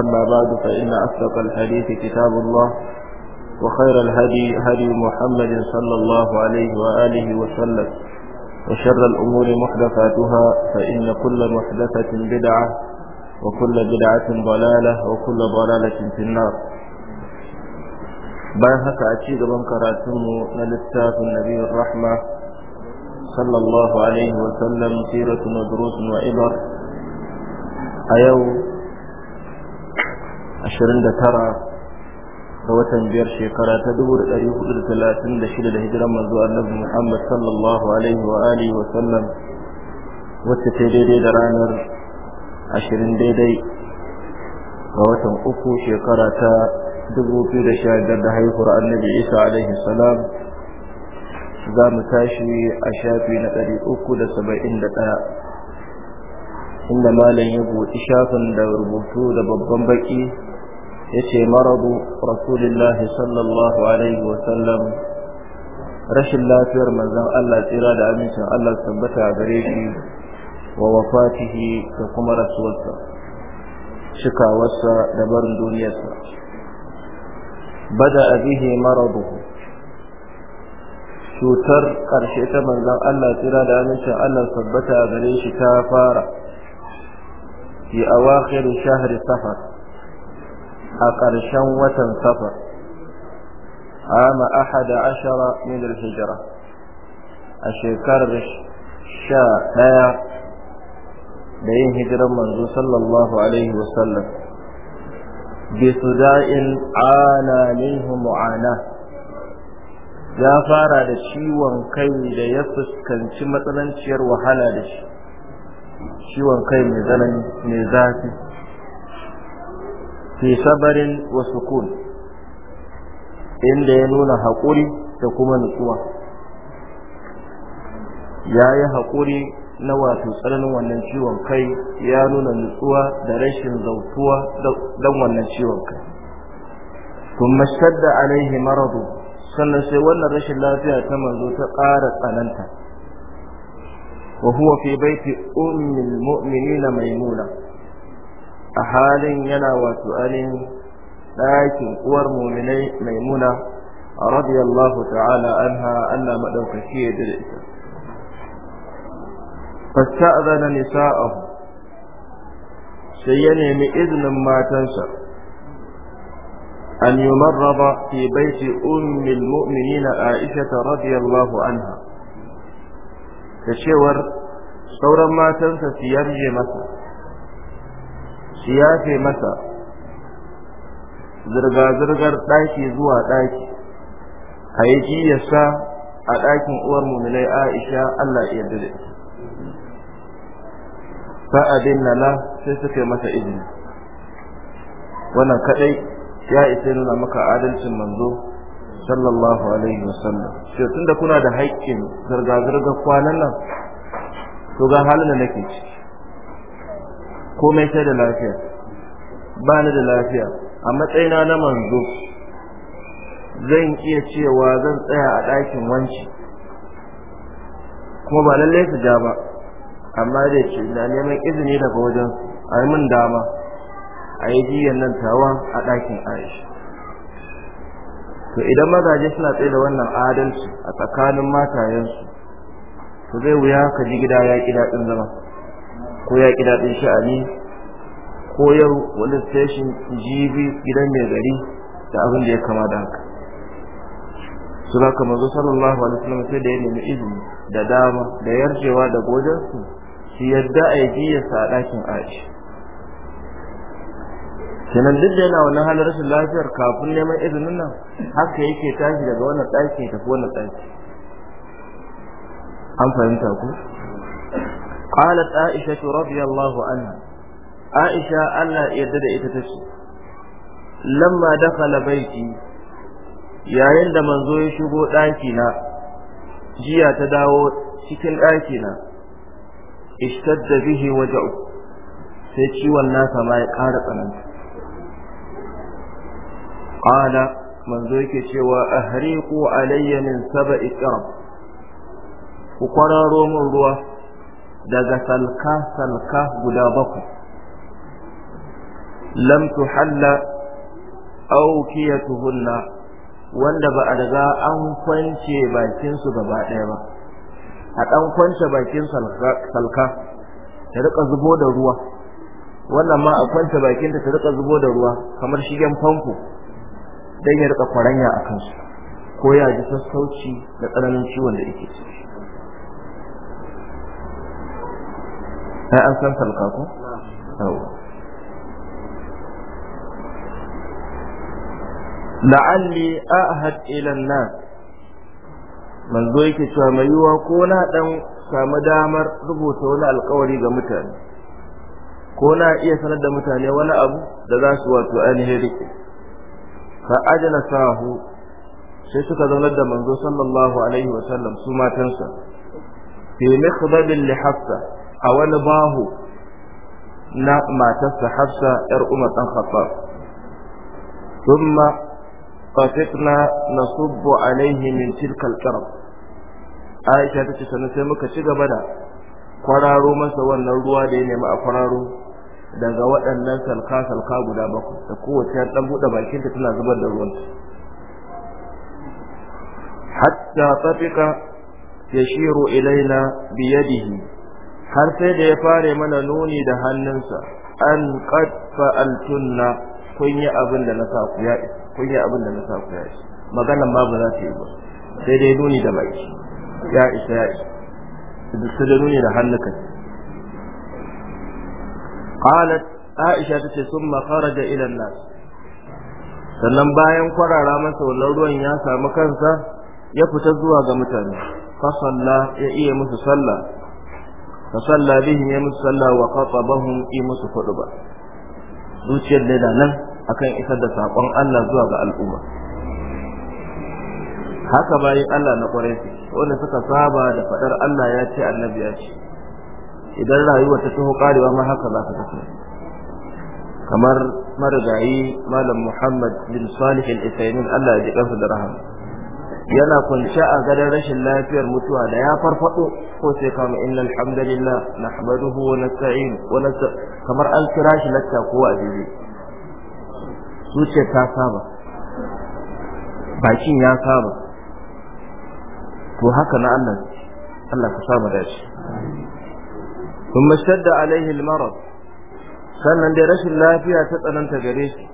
أما بعد فإن أصدق الحديث كتاب الله وخير الهدي هدي محمد صلى الله عليه وآله وسلم وشر الأمور محدثاتها فإن كل محدثة بدعة وكل بدعة ضلالة وكل ضلالة في النار باهك أتشيد من كراتمه للتاف النبي الرحمة صلى الله عليه وسلم سيرة ودروس وإبر أيوه 29 da watan biyar shekara ta 1436 da hijiran manzo annabi Muhammad sallallahu alaihi wa alihi wa sallam wacce ta daidai da ranar 20 daidai ga watan uku shekara ta 2015 da haihuwar annabi Isa alaihi salam za mu tashi a shafi na 371 inda malam ya buɗi shafin da rubutu da babban baki yace maradu rasulillahi sallallahu alaihi wa sallam rashin lafiyar manzon Allah tsira da amincin Allah tabbata gare shi wa wafatihi da kuma rasuwarsa shikawarsa da barin duniyarsa bada bihi maraduhu cutar ƙarshe ta manzon Allah tsira da amincin Allah tabbata gare shi ta fara fi awakhir shahri safar a ƙarshen watan safar ama ahada ashara min hijira a shekarar sha ɗaya da yin hijiran manzo sallallahu alaihi wasallam bi suda'in ana minhu mu'ana ya fara da ciwon kai da ya fuskanci matsananciyar wahala da shi ciwon kai mai zafi fi sabarin wa sukun inda ya nuna haƙuri da kuma nutsuwa ya yi haƙuri na wato tsananin wannan ciwon kai ya nuna nutsuwa da rashin zautuwa don wannan ciwon kai kuma shadda alaihi maradu sannan sai wannan rashin lafiya ta manzo ta ƙara tsananta wa huwa fi baiti ummil mu'minina maimuna a halin yana wato ainihin ɗakin uwar muminai maimuna radiyallahu ta'ala anha Allah madaukaki ya dare ita fasta'zana nisa'ahu sai ya nemi izinin matansa an yumarraba fi baiti ummil mu'minina Aisha radiyallahu anha da cewar sauran matansa su yarje masa ya yafe masa zirga-zirgar ɗaki zuwa ɗaki a yi jiyarsa a ɗakin uwar muminai aisha allah iya dade sa'adin nala sai suka yi masa izini wannan kadai ya isa nuna maka adalcin manzo sallallahu alaihi wasallam shi tunda kuna da haƙƙin zirga-zirgar kwanan nan to ga halin da nake ciki komai sai da lafiya ba ni da lafiya a matsayina na manzo zan iya cewa zan tsaya a ɗakin wanci kuma ba lallai su ja ba amma da ce na neman izini daga wajen a yi min dama a yi jiyan nan tawa a ɗakin aisha to idan mazaje suna tsaye da wannan adalci a tsakanin matayensu to zai wuya ka ji gida ya ƙi daɗin zama ko ya ƙi daɗin sha'ani ko yau wani station jibi gidan mai gari da abin da ya kama da haka su za ka sallallahu alaihi wasallam sai da ya nemi izini da dama da yarjewa da godan su yadda a yi biyarsa a ɗakin aisha kenan duk da yana wani halin rashin lafiyar kafin neman izinin nan haka yake tashi daga wannan ɗaki ya tafi wannan ɗaki an fahimta ku qalat aisha radiyallahu anha aisha Allah yarda da ita tace lamma dakhala baiti yayin da manzo ya shigo daki jiya ta dawo cikin ɗakina, na ishtadda bihi waja'u sai ciwon nasa ma ya ƙara tsananta qala manzo yake cewa ahriqu alayya min saba'i qarab ku kwararo min ruwa daga salka salka guda bakwai lam tuhalla aukiyatuhunna wanda ba a daga an kwance bakinsu gaba ɗaya ba a ɗan kwance bakin salka ta rika zubo da ruwa wannan ma a kwance bakinta ta rika zubo da ruwa kamar shigen famfo don ya rika kwaranya a kansu ko ya ji sassauci da tsananin ciwon da yake ciki ai an san salka ko la'alli ahad ila nas manzo yake cewa mai ko na dan samu damar rubuta wani alkawari ga mutane ko na iya sanar da mutane wani abu da za su wato ainihin rike fa ajala sahu sai suka zaunar da manzo sallallahu alaihi wa sallam su matansa fi mikhdabin li a wani baho na matarsa hafsa yar umar dan khattab thumma fatikna nasubbu alaihi min tilka alqarab aisha tace sannan sai muka ci gaba da kwararo masa wannan ruwa da ya nemi a kwararo daga waɗannan salka salka guda bakwai da kowace ta dan bude bakinta tana zubar da ruwan hatta tafika yashiru ilaina biyadihi har sai da ya fare mana nuni da hannunsa an qad fa'altunna kun yi abin da na saku ya ya kun yi abin da na saku ya yi maganan ma ba za ta yi ba sai dai nuni da mai ya isa ya isa su da nuni da hannuka qalat aisha tace summa kharaja ila an-nas sannan bayan kwarara masa wannan ruwan ya samu kansa ya fita zuwa ga mutane fa salla ya iya musu sallah fa salla bihim ya musu salla wa qatabahum i musu ba. zuciyar da nan akan isar da sakon Allah zuwa ga al'umma haka bayan Allah na kwarai su wanda suka saba da faɗar Allah ya ce annabi ya ce idan rayuwar ta taho karewa ma haka za ta tafi kamar marigayi malam Muhammad bin Salih al-Isaimin Allah ya ji kansa da rahama yana kunce a gadon rashin lafiyar mutuwa da ya farfado ko sai kama inna alhamdulillah nahmaduhu wa nasta'in wa kamar an kira shi latta ko a jiji zuciya ta saba bakin ya saba to haka na Allah Allah ka saba da shi ثم اشتد عليه المرض sannan da rashin lafiya ta tsananta gare shi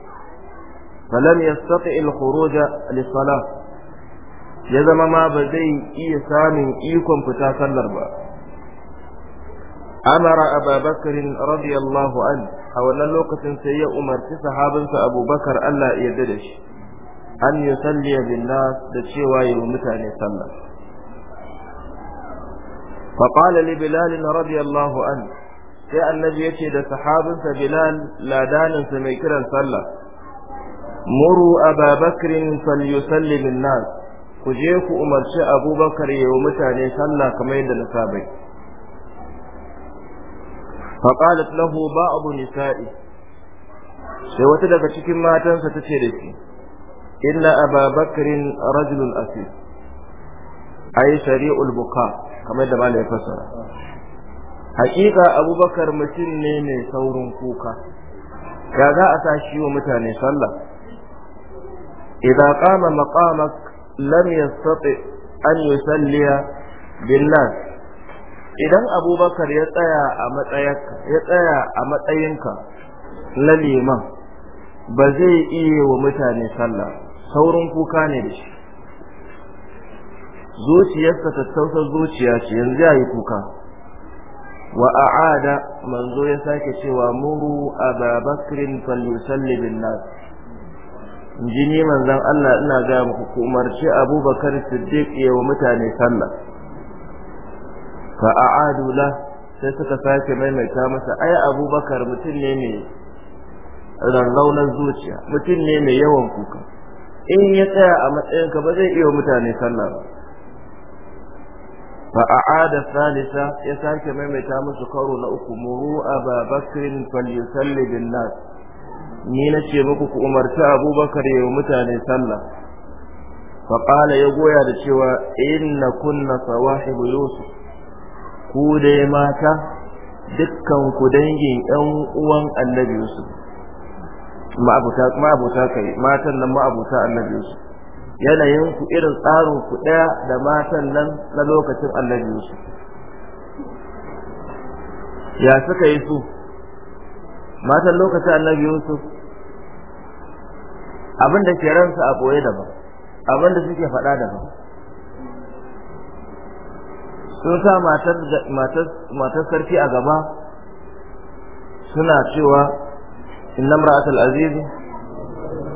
falam yastati al-khuruj li salah ya zama ma ba zai iya samun ikon fita sallar ba amara ababakar radiyallahu an a wannan lokacin sai ya umarci sahabinsa abubakar allah ya da shi an yi salliya billah da cewa yi mutane sallah فقال لبلال رضي الله عنه sai annabi ya ce da sahabinsa bilal ladaninsa mai kiran sallah muru ababakrin falyusallimin nas ku je ku umarci abubakar yi wa mutane sallah kamar yadda na sabai faƙalat lahu ba abu nisa'i sai wata daga cikin matansa ta ce da shi inna ababakarin rajulun asir yi shari'ul buka kamar yadda malai fasara Hakika abubakar mutum ne mai saurin kuka ya za a sa shi wa mutane sallah idan kama maqamak lam yastati an yusalliya bin idan abubakar ya tsaya a matsayinka ya tsaya a matsayinka na liman ba zai iya wa mutane sallah saurin kuka ne da shi zuciyarsa tattausa zuciya ce yanzu ya yi kuka وأعاد منذ يساك سوى مروا أبا بكر فليسلم الناس ji ni manzon Allah ina ga muku ku umarci Abubakar Siddiq ya wa mutane sallah fa a'adu la sai suka sake maimaita masa ai Abubakar mutum ne mai rarraunar zuciya mutum ne mai yawan kuka in ya tsaya a matsayinka ba zai iya mutane sallah ba fa a'ada salisa ya sake maimaita musu karo na uku muru Abubakar falyusalli bin nas ni na ce muku ku umarci abubakar ya yi mutane sallah faƙala ya goya da cewa inna kunna sawahibu yusuf ku dai mata dukkan ku dangin yan uwan annabi yusuf ma'abuta kai matan nan ma'abuta annabi yusuf yanayin ku irin tsarin ku ɗaya da matan nan na lokacin annabi yusuf ya suka yi su matan lokacin annabi yusuf abin da ke ransa a boye daban abin da suke faɗa daban sun sa matar sarki a gaba suna cewa inna ra'atul aziz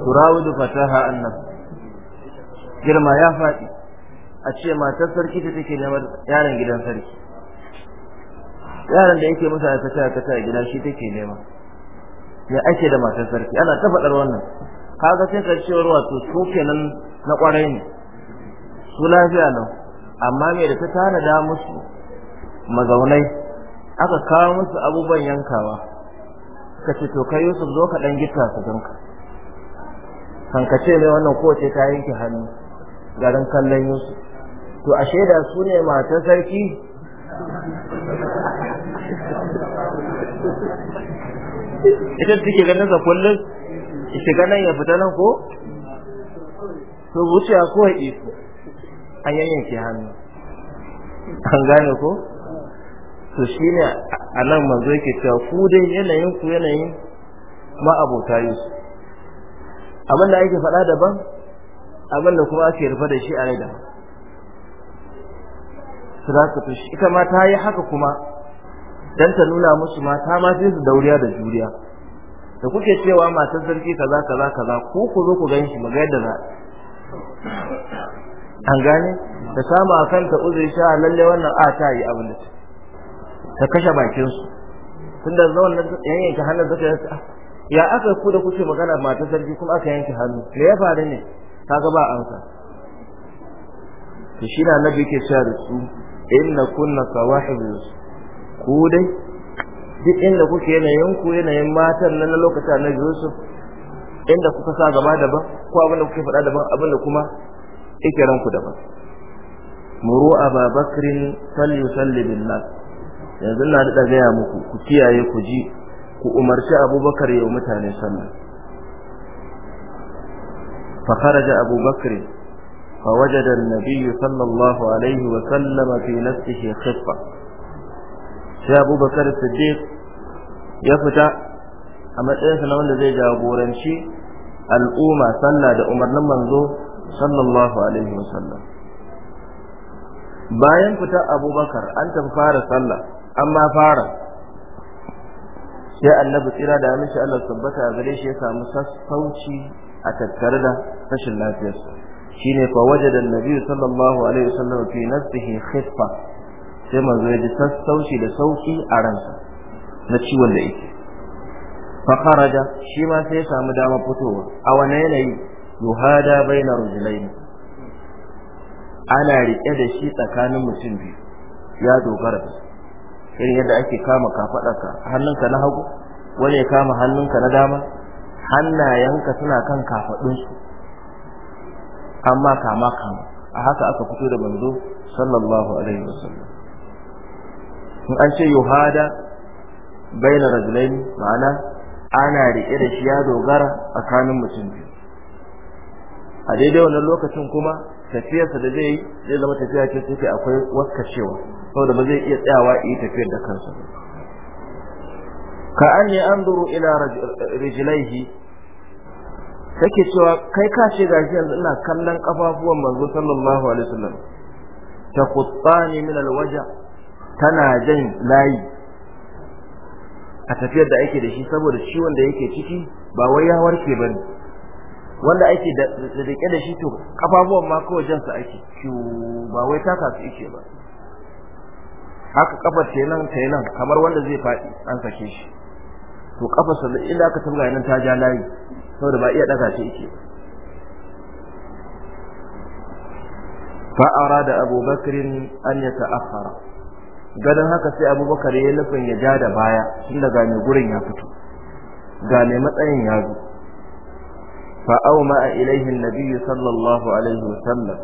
turawidu fataha annab girma ya faɗi a ce matar sarki ta take neman yaron gidan sarki yaron da yake musa ta ta ta gida shi take nema ya ake da matar sarki ana ta faɗar wannan kaga sai karshewar wato su kenan na kwarai ne su lafiya nan amma me da ta tanada musu mazaunai aka kawo musu abubuwan yankawa ka ce to kai Yusuf zo ka dan gita su danka ce ne wannan kowace ta yanke hannu garin kallon Yusuf to a shaida su ne matar sarki ita take ganin sa kullum shiga nan ya fita nan ko to wuciya ko haƙi ko an ki hannu an gane ko to shi a nan manzo yake cewa ku dai yanayin ku yanayin abota yusuf abin da ake faɗa daban abin da kuma ake rufe da shi a rai da su ita ma ta yi haka kuma dan ta nuna musu mata ma sai su dauriya da juriya da kuke cewa matan sarki kaza kaza kaza ko ku zo ku ganshi mu ga yadda za an gane ta kama kanta uzuri sha lalle wannan a ta yi abin da ta kashe bakin su tunda wannan nan yanyanke hannun zaka ah, ya aka ku da kuke magana matan sarki kuma aka yanke hannu me ya faru ne kaga ba amsa. to shi na nabi ke cewa da su inna kunna sawahibus ku dai duk inda kuke yanayin ku yanayin matan nan na lokacin na Yusuf inda kuka sa gaba daban ko abin da kuke faɗa daban abin da kuma yake ranku daban muru ababakrin falyusalli bin nas yanzu na da gaya muku ku kiyaye ku ji ku umarci abubakar yau mutane sallah fa kharaja abubakar fa wajada an-nabiy sallallahu alaihi wa sallama fi nafsihi khiffa sai abubakar siddiq ya fita a matsayinsa na wanda zai jagoranci al'umma sallah da umarnin manzo sallallahu alaihi wasallam bayan fita abubakar an tafi fara sallah amma fara sai annabi tsira da aminci Allah tabbata gare shi ya samu sassauci a tattare da rashin lafiyarsa shine fa wajada annabi sallallahu alaihi wasallam fi nafsihi sai manzo ya ji sassauci da sauki a ranka na ciwon da yake fa kharaja shi ma sai ya samu dama fitowa a wani yanayi yuhada baina rujulaini ana rike da shi tsakanin mutum biyu ya dogara da irin yadda ake kama kafadarka hannunka na hagu wani ya kama hannunka na dama hannayenka suna kan kafadunsu amma kama kama a haka aka fito da manzo sallallahu alaihi wasallam in an ce yuhada bayna rajulain ma'ana ana rike da shi ya dogara tsakanin mutum biyu a daidai wannan lokacin kuma tafiyarsa da zai yi zai zama tafiya ce take akwai waskacewa saboda ba zai iya tsayawa yi tafiyar da kansa ka an ne an duru ila rijilaihi take cewa kai ka ce shi yanzu ina kallon kafafuwan manzo sallallahu alaihi wasallam ta khuttani min alwaja' tana jan layi a tafiyar da ake da shi saboda ciwon da yake ciki ba wai ya warke ba ne, wanda ake da rike da shi to kafafuwan ma kawai jansa ake ba wai taka su ike ba haka kafar ta nan ta nan kamar wanda zai faɗi an sake shi to kafar sa inda aka tunga nan ta ja layi saboda ba iya daga shi ike fa arada abubakar an yata'akhkhara ganin haka sai abubakar ya nufin ya ja da baya tun daga mai gurin ya fito ga mai matsayin ya zo fa'auma a ilaihin nabiyyu sallallahu alaihi wasallam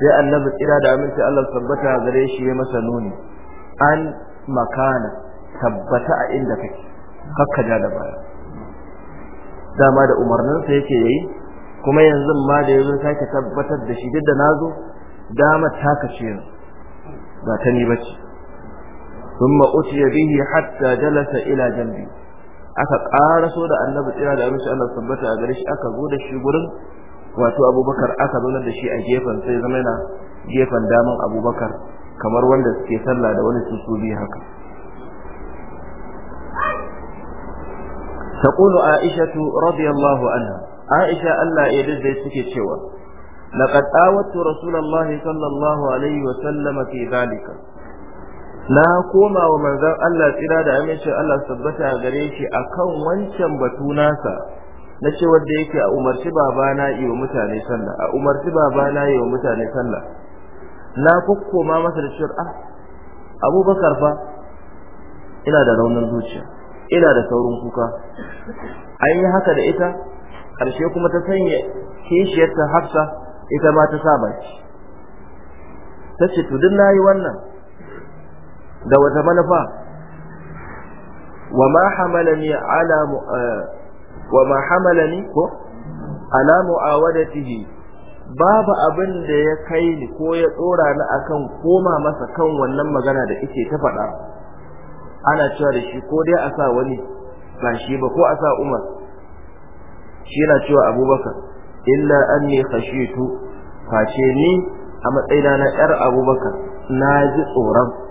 sai annabi kira da aminci Allah tabbata gare shi ya masa nuni an makana tabbata a inda kake kakka ja da baya dama da umarninsa yake yayi kuma yanzu ma da yazo sake tabbatar da shi duk da nazo dama taka ce ba ta ni bace thumma ya bihi hatta jalasa ila jambi aka ƙaraso da annabi tsira da amince Allah tabbata a gare shi aka zo da shi gurin wato abubakar aka zaunar da shi a gefen sai zama yana gefen daman abubakar kamar wanda suke sallah da wani susu biyu haka تقول عائشة رضي الله عنها عائشة ألا يدد يسكي شوى لقد آوت رسول الله صلى الله عليه وسلم في ذلك na koma wa manzan Allah tsira da amincin Allah tabbata gare shi akan wancan batu nasa na ce wanda yake a umarci babana yi wa mutane sallah a umarci babana yi wa mutane sallah na kokkoma masa da cewar a ah, Abubakar fa ina da raunin zuciya ina da saurin kuka an yi haka da ita ƙarshe kuma ta sanya kishiyarta Hafsa ita ma ta saba ta ce to duk yi wannan da wata manufa wa ma hamalani ala eh, wa ma hamalani ko ala mu'awadatihi babu abin da ya kai ni ko ya tsora ni akan koma masa kan wannan magana da ike ta faɗa ana cewa da shi ko dai a sa wani ba shi ba ko a sa umar shi yana cewa abubakar illa anni khashitu face ni a matsayina na yar abubakar na ji tsoron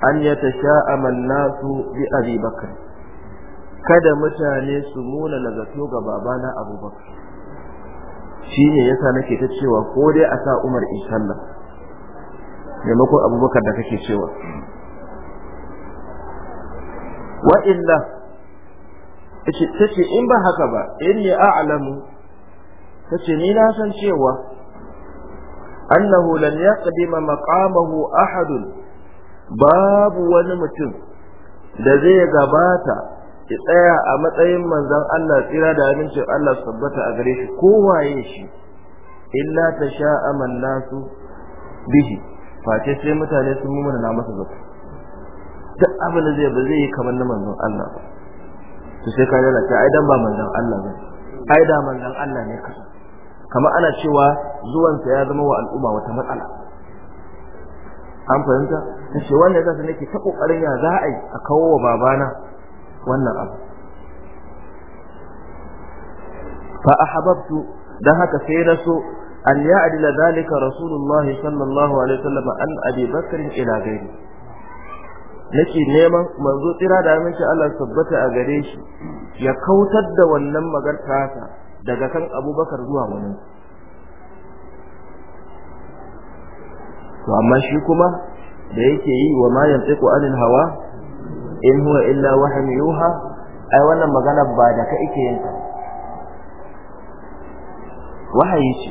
an ya tasha'aman nasu bi abi bakar kada mutane su muna nagato ga babana abubakar shi ne yasa nake ta cewa ko dai a sa umar inshallah maimakon abubakar da kake cewa wa illa tace in ba haka ba in inni a'lamu ce ni na san cewa annahu lan yaqdima maqamahu ahadun babu wani mutum da zai gabata ya tsaya a matsayin manzon Allah tsira da amincin Allah su tabbata a gare shi Ko waye shi illa ta sha'aman nasu bihi face sai mutane sun mumuna na masa zato duk abin da zai ba zai yi kamar na manzon Allah ba to sai ka lalata ai dan ba manzon Allah ba ai da manzon Allah ne kasa kamar ana cewa zuwansa ya zama wa al'umma wata matsala an fahimta tace wannan zan nake ta kokarin ya za a yi a kawo wa babana wannan abu fa ahabbtu dan haka sai na so an ya'dila zalika rasulullah sallallahu alaihi wasallam an abi bakr ila gairi nake neman manzo tsira da aminci Allah tabbata a gare shi ya kautar da wannan magartata daga kan abubakar zuwa wani to amma shi kuma da yake yi wa ma yantiqu anil hawa in huwa illa wahyu yuha ai wannan magana ba da ka ike yin ta wahayi ce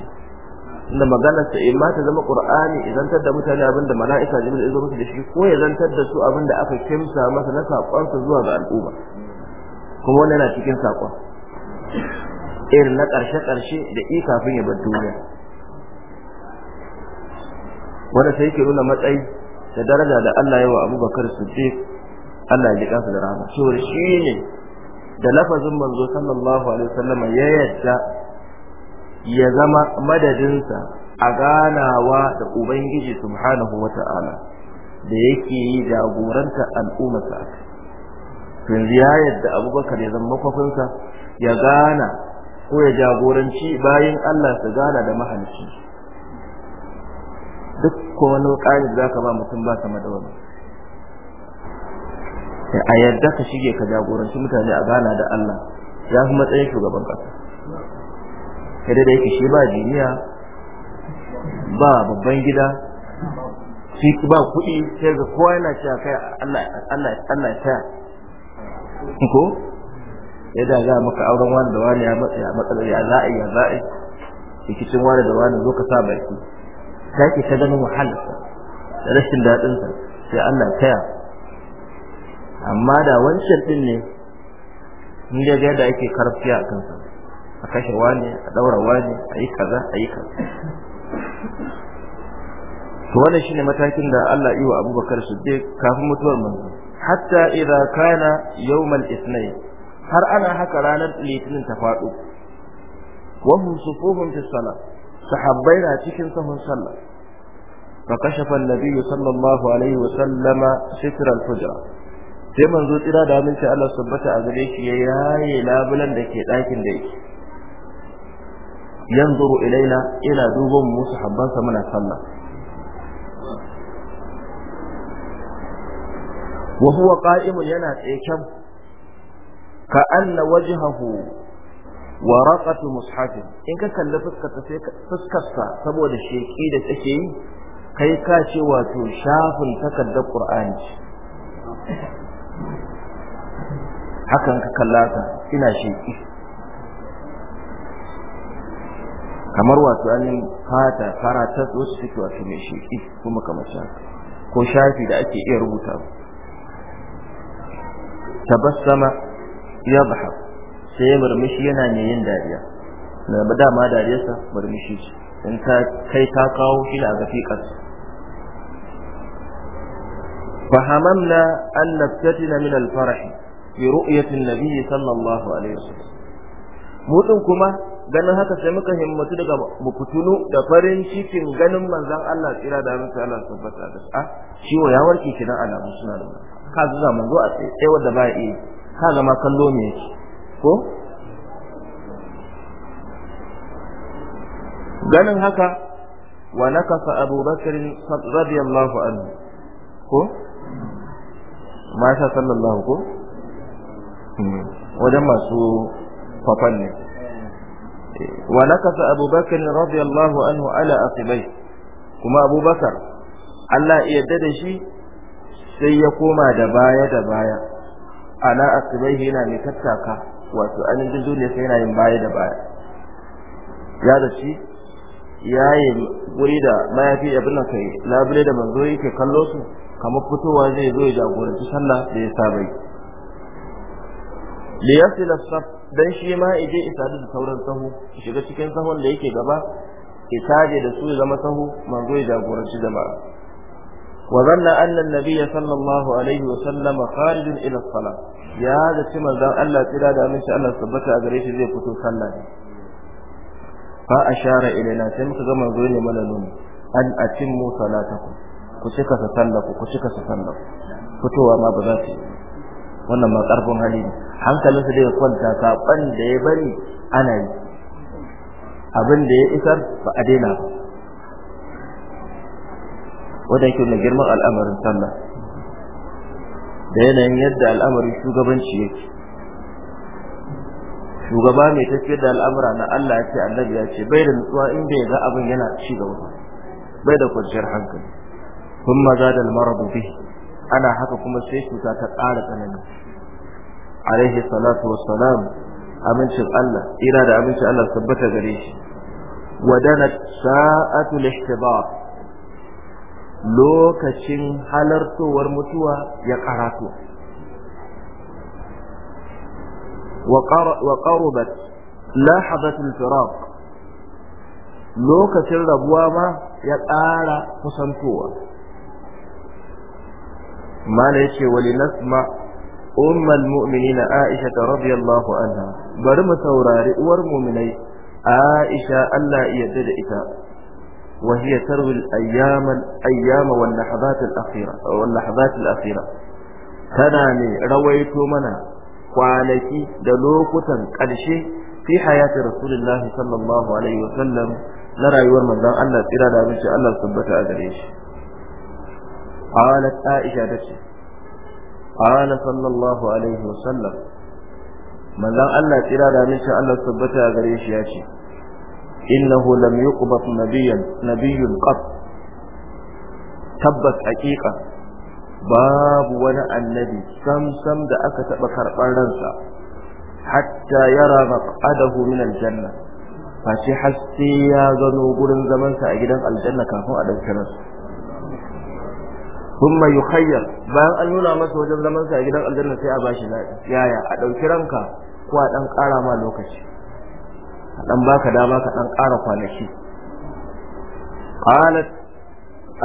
inda maganar ta imma ta zama qur'ani idan ta da mutane abinda mala'ika jibril ya zo musu da shi ko ya zantar da su abinda aka kimsa masa na sakon sa zuwa ga al'umma kuma wannan yana cikin sakon irin na karshe karshe da i kafin ya bar duniya wanda sai ke nuna matsayi da daraja da Allah ya wa Abubakar Siddiq Allah ya da rahama cewa ne da lafazin manzo sallallahu alaihi wasallam ya yadda ya zama madadinsa a ganawa da Ubangiji subhanahu wata'ala da yake yi jagoranta al'ummarsa yanzu ya yadda Abubakar ya zama makwafinsa ya gana ko ya jagoranci bayan Allah su gana da mahalicci ko wani ƙari da zaka ba mutum ba sama da wani a yadda ka shige ka jagoranci mutane a gana da Allah ya fi matsayin shugaban ƙasa sai da yake shi ba jiniya ba babban gida shi ba kuɗi sai ga kowa yana cewa kai Allah Allah Allah ta ko ya da ga maka auren wani da wani ya matsa ya matsa ya za'i ya za'i rikicin wani da wani zo ka sa baki za ki ta ganin wahalarsa da rashin daɗinsa sai Allah taya amma da wancan ɗin ne in dai ga da ake karfiya a kansa a kashe wani a ɗaura wani a yi kaza a yi kaza to wannan shine matakin da Allah yi wa Abubakar Siddiq kafin mutuwar manzo hatta idza kana yawmal ithnain har ana haka ranar litinin ta faɗo wa hum sufuhum fi salat sahabbai na cikin sahun sallah fa kashafa annabi sallallahu alaihi wa sallama sitr al-hujra sai manzo tsira da aminci Allah sabbata a gare shi ya yaye labulan da ke dakin da yake yanzuru ilaina ila duban mu sahabban sa muna sallah wa huwa qa'imun yana tsaye kan ka anna wajhahu waraqatu mushafin in ka kalli fuskarta sai fuskarsa saboda sheƙi da take yi kai ka ce wato shafin takardar qur'ani ce hakan ka kalla ina sheƙi. kamar wato an fata fara ta wacce take wato mai sheki kuma kamar shafi ko shafi da ake iya rubuta tabassama yadhhab sai murmushi yana mai yin dariya na dama dariyarsa murmushi ce in ta kai ta kawo shi a gafiƙar na an naftatina min alfarahi bi ru'yatin nabiyyi sallallahu alaihi wasallam mu din kuma ganin haka sai muka himmatu daga mukutunu da farin cikin ganin manzon Allah tsira da mutum Allah tabbata da a ah, ciwo ya warke kina alamu suna da ka zuwa manzo a tsaye wanda ba yi ka zama kallo me yake ko ganin haka wa nakasa Abu Bakr radiyallahu anhu ko mata sallallahu ko wajen masu fafan ne wa nakasa Abu Bakr radiyallahu anhu ala aqibai kuma Abu Bakar Allah ya yarda da shi sai ya koma da baya da baya ana aqibai yana mai tattaka wato ainihin duniya sai yana yin baya da baya ya zaci ya yi wuri da mayafi abin da kai labule da manzo yake kallo su kamar fitowa zai zo ya jagoranci sallah da ya saba yi liyasila saf dan shi ma ije isadu da sauran sahu shiga cikin sahon da yake gaba taje da su ya zama sahu manzo ya jagoranci jama'a وظن أن النبي صلى الله عليه وسلم خارج إلى الصلاة يا هذا كما ذا ألا تلا من شاء الله ثبت أدريش زي فتو صلى فأشار إلينا تمك زمن ذوين ملنون أن أتموا صلاتكم كشك ستلقوا كشك ستلقوا فتوى ما بذاتي wannan ma karfin hali ne hankalinsa da ya kwanta saban da ya bari ana yi abin da ya isar ba a daina ba wanda yake na girman al'amarin sallah da yanayin yadda al'amarin shugabanci yake shugaba mai tafiyar da al'amura na Allah ya ce annabi ya ce bai da nutsuwa in bai ga abin yana ci gaba bai da kwanciyar hankali kun maza da marabu bihi ana haka kuma sai cuta ta ƙara tsanani alaihi salatu wassalam amincin Allah ira da amincin Allah tabbata gare shi wadanat sa'atul ihtibar lokacin halartowar mutuwa ya karatu wa qarubat lahabatul firaq lokacin rabuwa ma ya ƙara kusantowa mala yace wali nasma ummul mu'minina aisha radiyallahu anha bari mu saurari uwar mu'minai aisha Allah ya yarda da ita وهي تروي الأيام الأيام واللحظات الأخيرة واللحظات الأخيرة تنامي رويت منا وعليك دلوكة قلشي في حياة رسول الله صلى الله عليه وسلم نرى يورما دان الله إرادة منش الله ثبت أدريش قالت عائشة دشي قال صلى الله عليه وسلم من دان الله إرادة منش الله ثبت أدريش ياشي innahu lam yuqbat nabiyyan nabiyyun qat tabbas haqiqa babu wani annabi sam sam da aka taɓa karɓar ransa hatta yara maq'adahu min aljanna face har ya gano gurin zamansa a gidan aljanna kafin a dauke ransa ثم bayan an nuna masa wajen zaman a gidan aljanna sai a bashi zaɓi yaya a ɗauki ranka ko a ɗan ƙara ma lokaci dan baka dama ka dan ƙara kwanaki qalat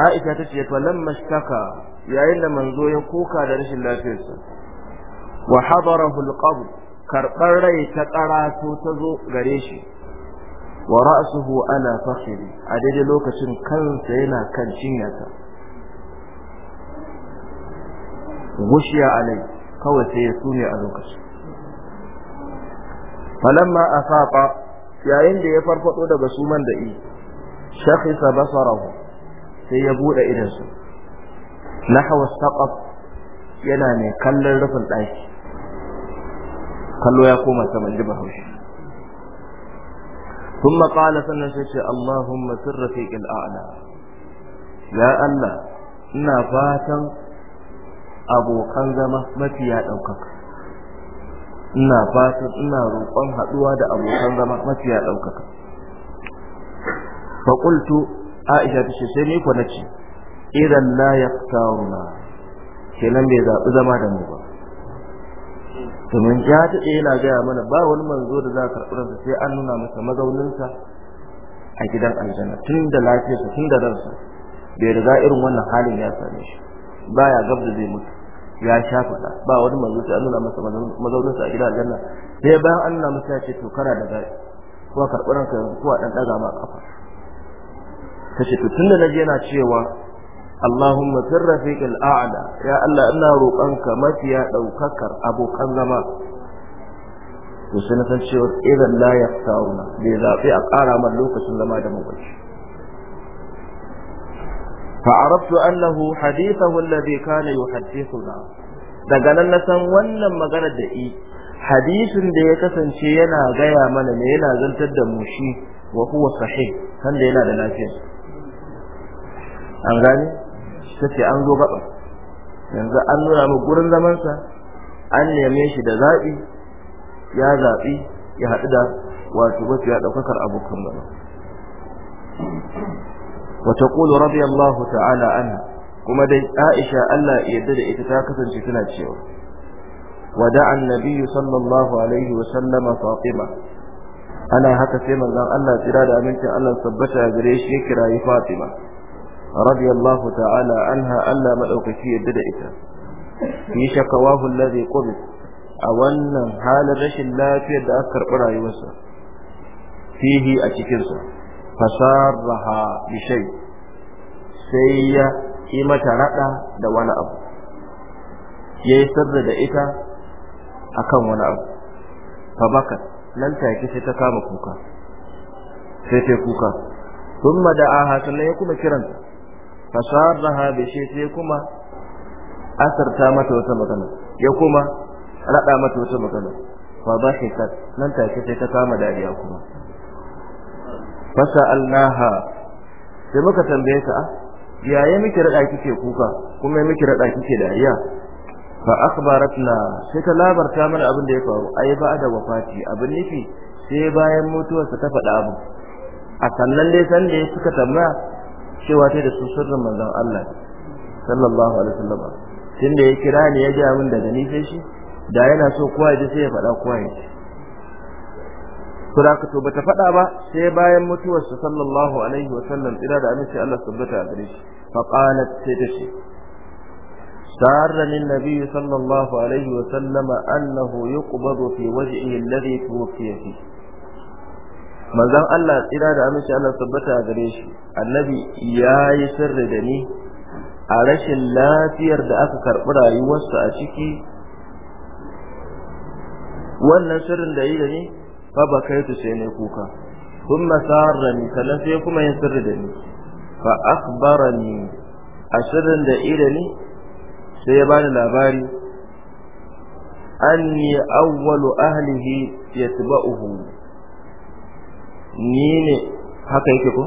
aisha ta ce to lamma shaka yayin da manzo ya kuka da rashin lafiyarsa wa hadarahu alqabr karbar rai ta karato ta zo gare shi wa ra'suhu ana fakhri a daidai lokacin kansa yana kan cinyata gushiya alai kawai sai ya sune a lokacin falamma afaqa yayin da ya farfado daga suman da i shakhisa basarahu sai ya bude idan su nahwa saqaf yana ne kallon rufin daki kallo ya koma sama ji bahaushe kuma قال sannan sai ce Allahumma sirrati al-a'la ya Allah ina fatan abokan zama mafiya daukaka ina fatan ina roƙon haɗuwa da abokan zama mafiya ɗaukaka faƙultu aisha ta ce sai ni ku na ce idan la ya kenan bai zaɓi zama da mu ba domin ya taɗe yana gaya mana ba wani manzo da za a karɓi sai an nuna masa mazauninsa a gidan aljanna tun da lafiyarsa tun da ransa bai riga irin wannan halin ya same shi baya gab zai mutu ya sha ba wani manzo sai nuna masa sa a gidan aljanna sai bayan an nuna masa ya ce to kana da gari ko karburan ka yanzu ko a daga ma kafa ta to tun da yana cewa Allahumma fir al a'la ya Allah ina roƙonka mafiya ɗaukakar abokan zama to sai na san cewa idan la yaftauna bai zaɓi a ƙara man lokacin zama da mabaci فعرفت أنه حديثه الذي كان يحدثنا daga nan na san wannan maganar da i hadisin da ya kasance yana gaya mana ne yana zantar da mu shi wa huwa sahih kan da yana da lafiya an gane sai an zo gaba yanzu an nuna mu gurin zaman sa an neme shi da zabi ya zabi ya hadu da wato ya daukakar abokan gaba وتقول رضي الله تعالى عنها كما دي عائشة ألا يدد إتتاكة تتناتشيو ودعا النبي صلى الله عليه وسلم فاطمة أنا هكا سيما لأن الله تراد أمنت ألا ثبتها قريش يكرا فاطمة رضي الله تعالى عنها ألا ملوكي يدد إتا في شكواه الذي قبض أولا حال رشي الله في الدأكر أرى يوسف fihi a cikinsa fasarraha bi shay sai ya yi mata rada da wani abu ya yi sirri da ita akan wani abu fa baka nan take sai ta kama kuka sai ta kuka da aha sannan ya kuma kiranta fasarraha bi shay sai kuma asarta mata wata magana ya kuma rada mata wata magana fa dhahikat nan take sai ta kama dariya kuma Fasa allaha sai muka tambaye ta yaya miki rada kike kuka kuma ya miki rada kike dariya fa akhbaratna sai ta labarta mana abin da ya faru ai ba da wafati abin nufi sai bayan mutuwarsa ta faɗa abu a sannan dai san da suka tambaya cewa ta da su sirrin manzon Allah sallallahu alaihi wasallam tunda ya kira ni ya ji min daga ni sai shi da yana so kowa ya sai ya faɗa kowa suraka to bata faɗa ba sai bayan mutuwarsa sallallahu alaihi wa sallam ina da aminci Allah tabbata a gare shi fa qalat sai ta ce sarrani nabi sallallahu alaihi wa sallam annahu yuqbadu fi wajhihi alladhi tuwfiya fi manzon Allah tsira da aminci Allah tabbata a gare shi annabi yayi sirri da ni a rashin lafiyar da aka karɓi rayuwarsa a ciki wannan sirrin da yi da ni fa bakaitu sai ne kuka thumma sarrani sannan sai kuma yin sirri da ni fa akhbarani asirrin da ida ni sai ya bani labari anni awwalu ahlihi yatba'uhu ni ne haka yake ko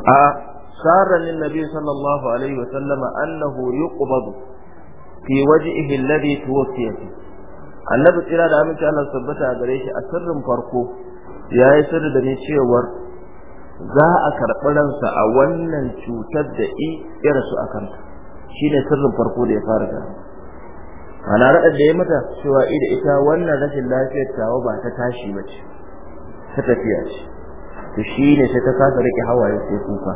a sarrani nabi sallallahu alaihi wa sallama annahu yuqbadu fi wajhihi alladhi tuwfiya fihi annabi tsira da aminci Allah tabbata gare shi a sirrin farko yayi yi sirri da ni cewar za a karɓi ransa a wannan cutar da i ya rasu a kanta shine sirrin farko da ya fara da ana rada da yayi mata cewa i da ita wannan rashin lafiyar tawa ba ta tashi ba ce ta tafiya ce to shi sai ta kasa riƙe hawaye sai kuka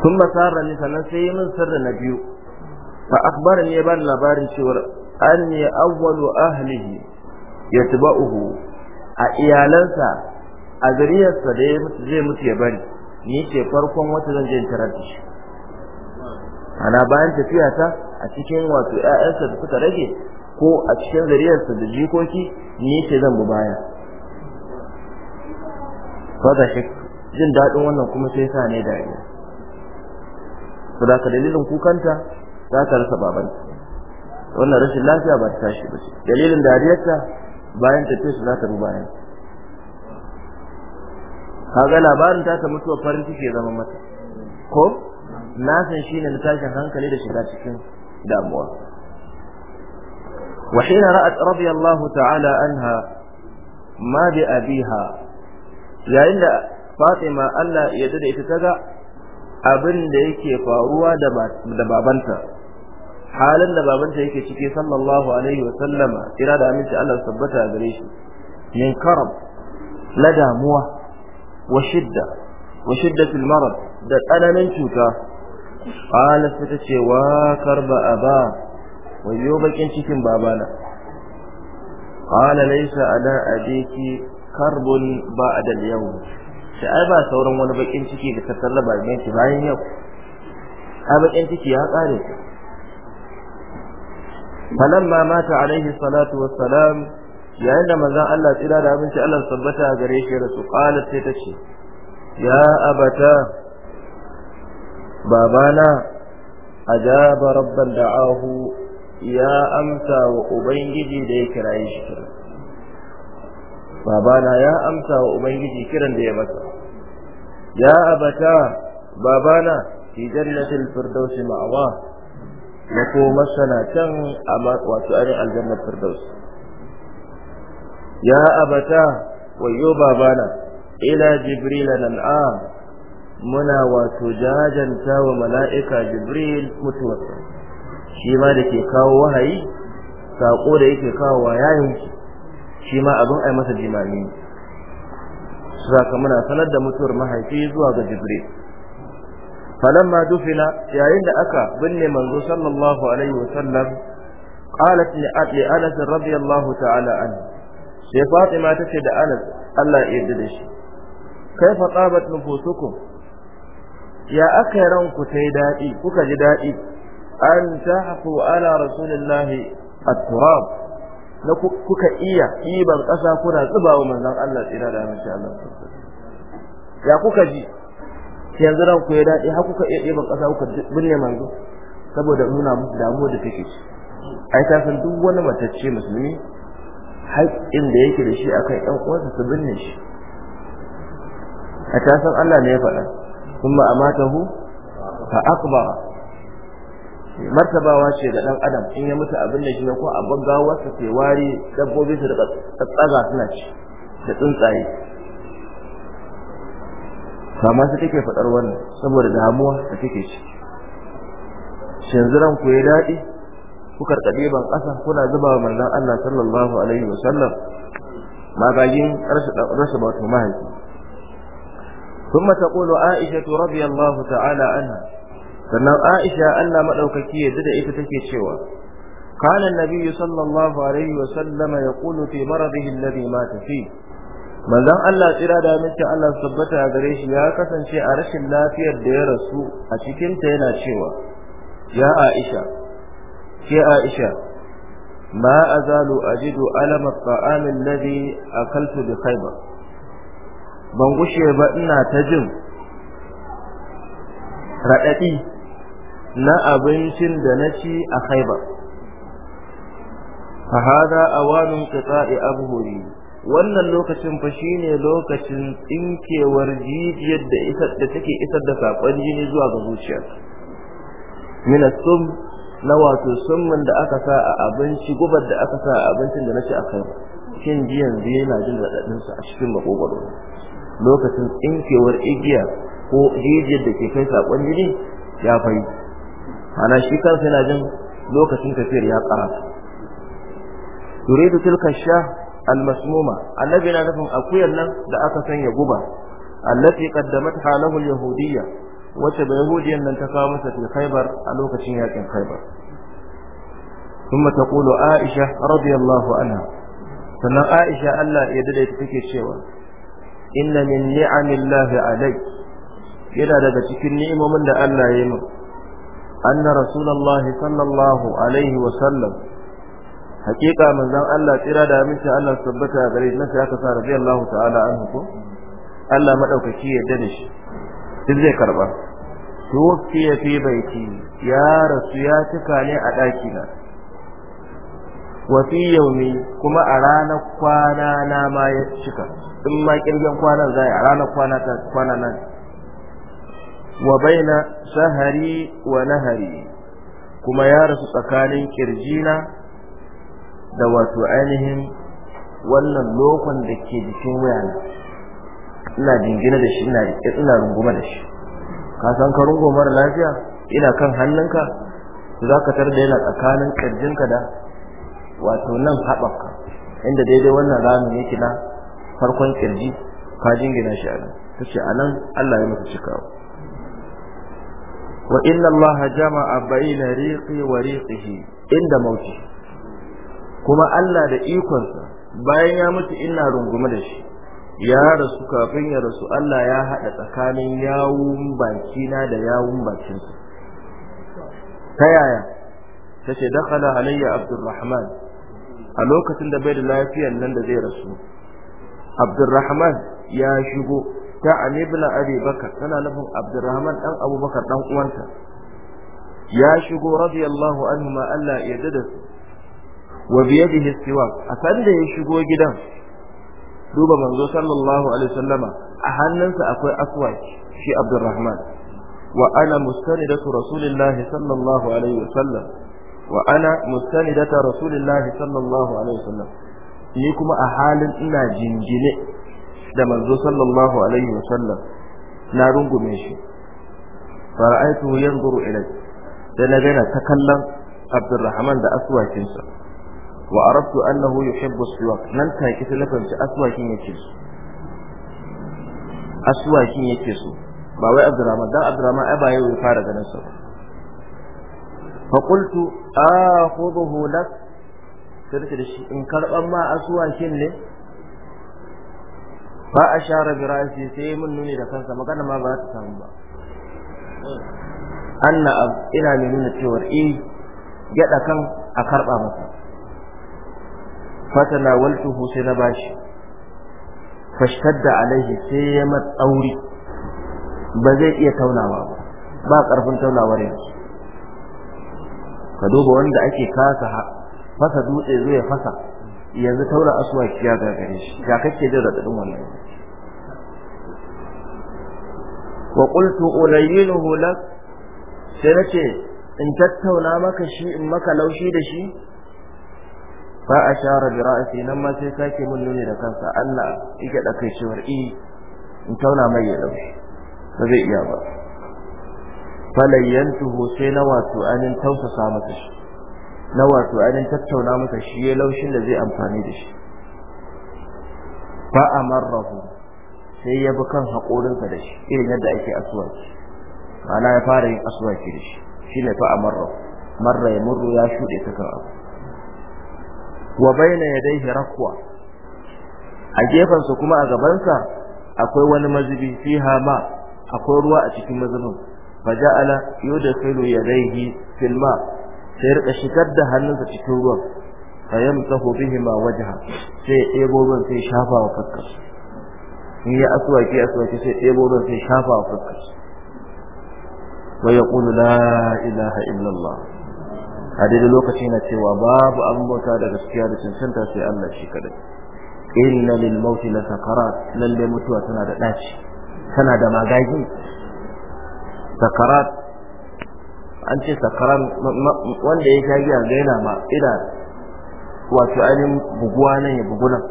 Tun masarra ne sannan sai yi min sirri na biyu fa akhbarani ya bani labarin cewar anni awwalu ahlihi yatba'uhu a iyalansa a zuriyarsa da ya mutu zai mutu ya bari ni ce farkon wata zan je tarar da shi ana bayan tafiya ta a cikin wato ƴaƴansa da suka rage ko a cikin zuriyarsa da jikoki ni ce zan bi baya fa shi jin daɗin wannan kuma sai sa ne dariya saboda dalilin kukanta za ta rasa babanta wannan rashin lafiya ba ta tashi ba dalilin dariyarta bayan tafiya su za ta bi bayan labarin ta ta mutuwa farin ciki zama mata ko na san shine na tashin hankali da shiga cikin damuwa wa hina ra'at radiyallahu ta'ala anha ma bi abiha yayin da Fatima Allah ya dade ita taga abin da yake faruwa da babanta halin da babanta yake cike sallallahu alaihi wa sallama kira da aminci Allah tabbata gare shi min karab la damuwa wa shidda wa shiddatul marad da tsananin cuta qala sai ta ce wa karba aba wayo bakin cikin babana qala laysa ala abiki karbun ba'da al-yawm sai ai ba sauran wani bakin ciki da ka sallaba bayan yau a bakin ciki ya kare falamma mata alaihi salatu wassalam yayin da manzon Allah tsira da abinci Allah sabbata a gare shi rasu qala sai ta ce ya abata babana a jaba rabban da Ahu ya amsa wa ubangiji da ya kira kiraye shi kira. babana ya amsa wa ubangiji kiran da ya masa ya abata babana fi jannatil firdausi ma'awa Na koma sana can wato ari aljannar firdaus ya abata wayo babana ila jibril nal'a muna wato jajanta wa mala'ika jibril mutuwa, shi ma da ke kawo wahayi saƙo da yake kawo wa yayin shi ma abin ai masa jimami saka muna sanar da mutuwar mahaifi zuwa ga jibril falamma dufina yayin da aka binne manzo sallallahu alaihi wasallam qalat li abi anas radiyallahu ta'ala anhu sai fatima tace da anas Allah ya yarda da shi kaifa tabat nufusukum ya aka ranku tai dadi kuka ji dadi an tahfu ala rasulillahi at-turab na kuka iya iban ƙasa kuna zubawa manzon Allah tsira da mace ya kuka ji yanzu ran ku ya daɗe har kuka iya ɗeban ƙasa kuka binne manzo saboda nuna musu damuwa da take ci ai ta san duk wani matacce musulmi haƙƙin da yake da shi akan ƴan uwansa su binne shi a ta san Allah ne ya faɗa kuma amatahu fa akbara martabawa ce ga dan adam in ya mutu abin da shi ne ko a gaggawarsa ke wari dabbobi su da tsaga suna ci da tsuntsaye kama su take faɗar wannan saboda damuwa da take ciki yanzu ku ya daɗi kuka karkaɗe ban ƙasa kuna zuba wa manzon Allah sallallahu alaihi wa sallam magagin rasa wato mahaifi ثم تقول عائشة رضي الله ta'ala عنها sannan Aisha Allah madaukaki yadda da ita take cewa kana annabi sallallahu alaihi wa sallam yaqulu fi maradihi alladhi mata fihi manzon Allah tsira da mace Allah sabbata a gare shi ya kasance a rashin lafiyar da ya rasu a cikin ta yana cewa ya Aisha ke Aisha ma azalu ajidu alama at-ta'am alladhi akaltu bi khaybar ban gushe ba ina ta jin radadi na abincin da na ci a khaybar fa hada awanun qita'i abhuri wannan lokacin fa shine lokacin tsinkewar jijiyar da isar da take isar da sakon jini zuwa ga zuciya min na wato summun da aka sa a abinci gubar da aka sa a abincin da nace akai shin ji yanzu yana jin radadin sa a cikin makogwaro lokacin tsinkewar igiya ko jijiyar da ke kai sakon jini ya fai ana shi kansa yana jin lokacin tafiyar ya karata yuridu tilka sha almasmuma annabi na nufin akuyar nan da aka sanya guba allati ƙaddamar lahu alyahudiyya wacce ba yahudiyan nan ta kawo masa fil khaybar a lokacin yaƙin kaibar? kuma kulu aisha radiyallahu anha sannan aisha Allah ya dade ta take cewa inna min ni'amillahi alai yana daga cikin ni'imomin da Allah ya yi min anna rasulullahi sallallahu alaihi wa sallam hakika manzon Allah tsira da aminci Allah tabbata a gare shi sai aka sa radiyallahu ta'ala anhu ko Allah madaukaki ya yarda da shi din zai karba ya fi baiti ya rasu ya cika ne a daki na wa fi yaumi kuma a ranar kwana na ma ya cika in ma kirgen kwanan zai a ranar kwana ta kwana nan wa baina sahari wa nahari kuma ya rasu tsakanin kirjina da wato ainihin wannan lokon da ke jikin wayana ina jingina da shi ina ina runguma da shi ka san ka rungo mara lafiya ina kan hannunka za ka tar da yana tsakanin kirjinka da wato nan haɓaka inda daidai wannan ramin yake na farkon kirji ka jingina shi a nan ta ce a nan Allah ya masa cikawa wa inna Allah jama'a bayna riqi wa riqihi inda mauti kuma Allah da ikonsa bayan ya mutu ina rungume da shi ya rasu kafin ya rasu Allah ya haɗa tsakanin yawun na da yawun bakinsa ta yaya ta ce dakala halayya abdurrahman a lokacin da bai da lafiyan nan da zai rasu abdurrahman ya shigo ta anibla abi bakar tana nufin abdurrahman dan abubakar dan uwanta ya shigo radiyallahu anhu ma Allah ya dada su wa biyadihi siwak a da ya shigo gidan duba manzo sallallahu alaihi wasallama a hannunsa akwai aswaki shi abdurrahman wa ana mustanidatu rasulillahi sallallahu alaihi wasallam wa ana mustanidatu rasulillahi sallallahu alaihi wasallam ni kuma a halin ina jingine da manzo sallallahu alaihi wasallam na rungume shi fara'aitu yanzuru ilai da na gana ta kallon abdurrahman da aswakinsa wa arattu annahu yuhibbu siwak nan ta sai ta fahimci aswakin yake so aswakin yake so ba wai Abdurrahman dan Abdurrahman ai ba yau ya fara ganin sa fa qultu akhudhu lak sai da shi in karban ma aswakin ne fa ashara bi ra'si sai mun nuni da kansa magana ma ba ta samu ba anna ina mai nuna cewa eh gyada kan a karba masa fatana waltuhu sai na bashi fashtadda alaihi sai ya matsauri ba zai iya taunawa ba ba karfin taunawar yanzu ka duba wanda ake kasa fasa dutse zai fasa yanzu taura asuwaki ya gagare shi ya kake jin raɗaɗin wannan wa qultu ulayyinuhu lak sai nace in tattauna maka shi in maka laushi da shi fa ashara bi ra'si nan ma sai sake mun nuni da kansa Allah yake da kai cewar i eh, in tauna mai ya dau ba zai iya ba falayyantuhu sai na wato anin tausasa masa shi na wato anin tattauna masa shi ya laushin da zai amfani da shi fa amarrahu sai ya bi kan haƙorinsa da shi irin yadda ake asuwaki ma'ana ya fara yin asuwaki da shi shine fa amarrahu marra ya murru ya shuɗe ta kan abu wa baina yadayhi rakwa a gefen sa kuma a gaban sa akwai wani mazubi fiha ma akwai ruwa a cikin mazubin ja'ala yudkhilu yadayhi fil ma sai rika shigar da hannunsa cikin ruwan fayamsahu bihima wajha sai ebo ruwan sai shafa wa fuskar in ya aswaki aswaki sai ebo ruwan sai shafa wa fuskar wa yaqulu la ilaha illallah a daidai lokaci na cewa babu an bauta da gaskiya da cancanta sai Allah shi kadai inna lil mauti la sakarat lalle mutuwa tana da daci tana da magagi sakarat an ce sakaran wanda ya shagi a gaina ma ina wato ainihin buguwa nan ya bugu nan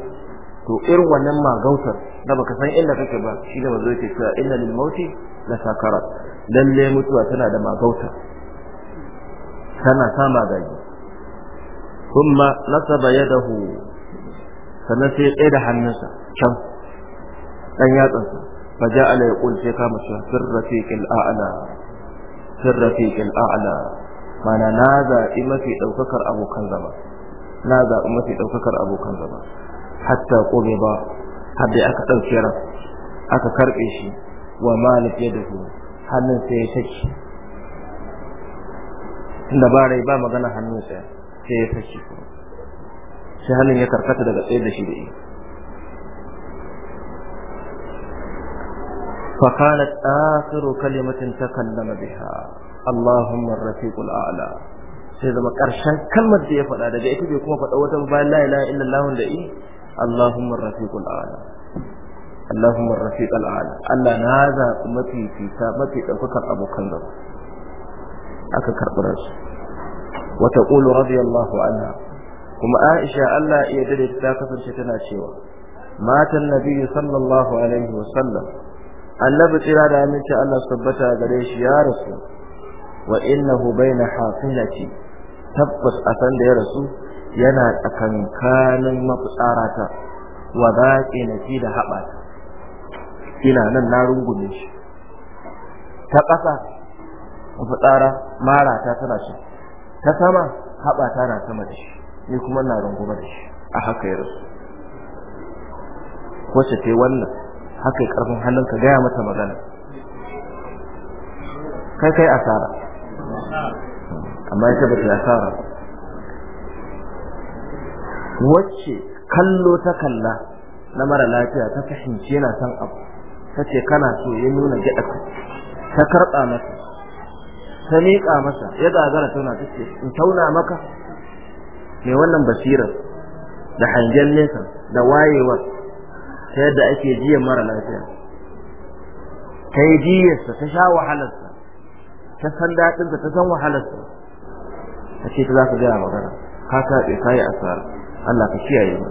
to irin wannan magautar da baka san inda kake ba shi da mazo yake cewa inna lil mauti la sakarat lalle mutuwa tana da magautar tana sama gaji kuma nasaba yadahu sannan sai ya da hannunsa can dan yatsansa fa ja'ala yaqul sai kama shi fir rafiqil a'la fir rafiqil a'la mana na zaɓi mafi ɗaukakar abokan zama na zaɓi mafi ɗaukakar abokan zama hatta kome ba har dai aka ɗauke ran aka karɓe shi wa malik ya dafu hannun sai ya take tunda ba rai ba magana hannun sa sai ya ku. shi hannun ya karkata daga tsaye da shi da yi فقالت آخر كلمة تكلم biha, Allahumma الرفيق ala, sai zama ƙarshen kalmar da ya faɗa daga ita bai kuma faɗa wata bayan la ilaha illallah da i Allahumma rafiqul a'la Allahumma rafiqul a'la Allah na zaɓi mafi fita mafi ɗaukakar abokan gaba aka karɓi rasu wa qulu radiyallahu anha kuma Aisha Allah ya dade ta kasance tana cewa matan nabi sallallahu alaihi wa sallam annabi tsira da aminci Allah tabbata gare shi ya rasu wa innahu baina hafilati tabbas a da ya rasu yana tsakankanin mafitsarata wa zaƙi na fi da haɓata ina nan na rungume shi ta ƙasa fitsara mara ta tana shi ta sama haba ta na sama da shi ni kuma na rungume da shi a haka ya rasu wacce ta wannan haka ya karfin hannun ka gaya mata magana kai kai asara amma ya tabbata ya asara wacce kallo ta kalla na mara lafiya ta fahimci yana son abu ta ce kana so ya nuna gyaɗa ta karɓa mata ta miƙa masa ya gagara tauna ta ce in tauna maka me wannan basirar da hangen nesa da wayewar ta yadda ake jiyan mara lafiya ta yi jiyarsa ta sha wahalarsa ta san daɗinsa ta san wahalarsa ta ta za ka gaya magana ka ka yi asara Allah ka kiyaye mu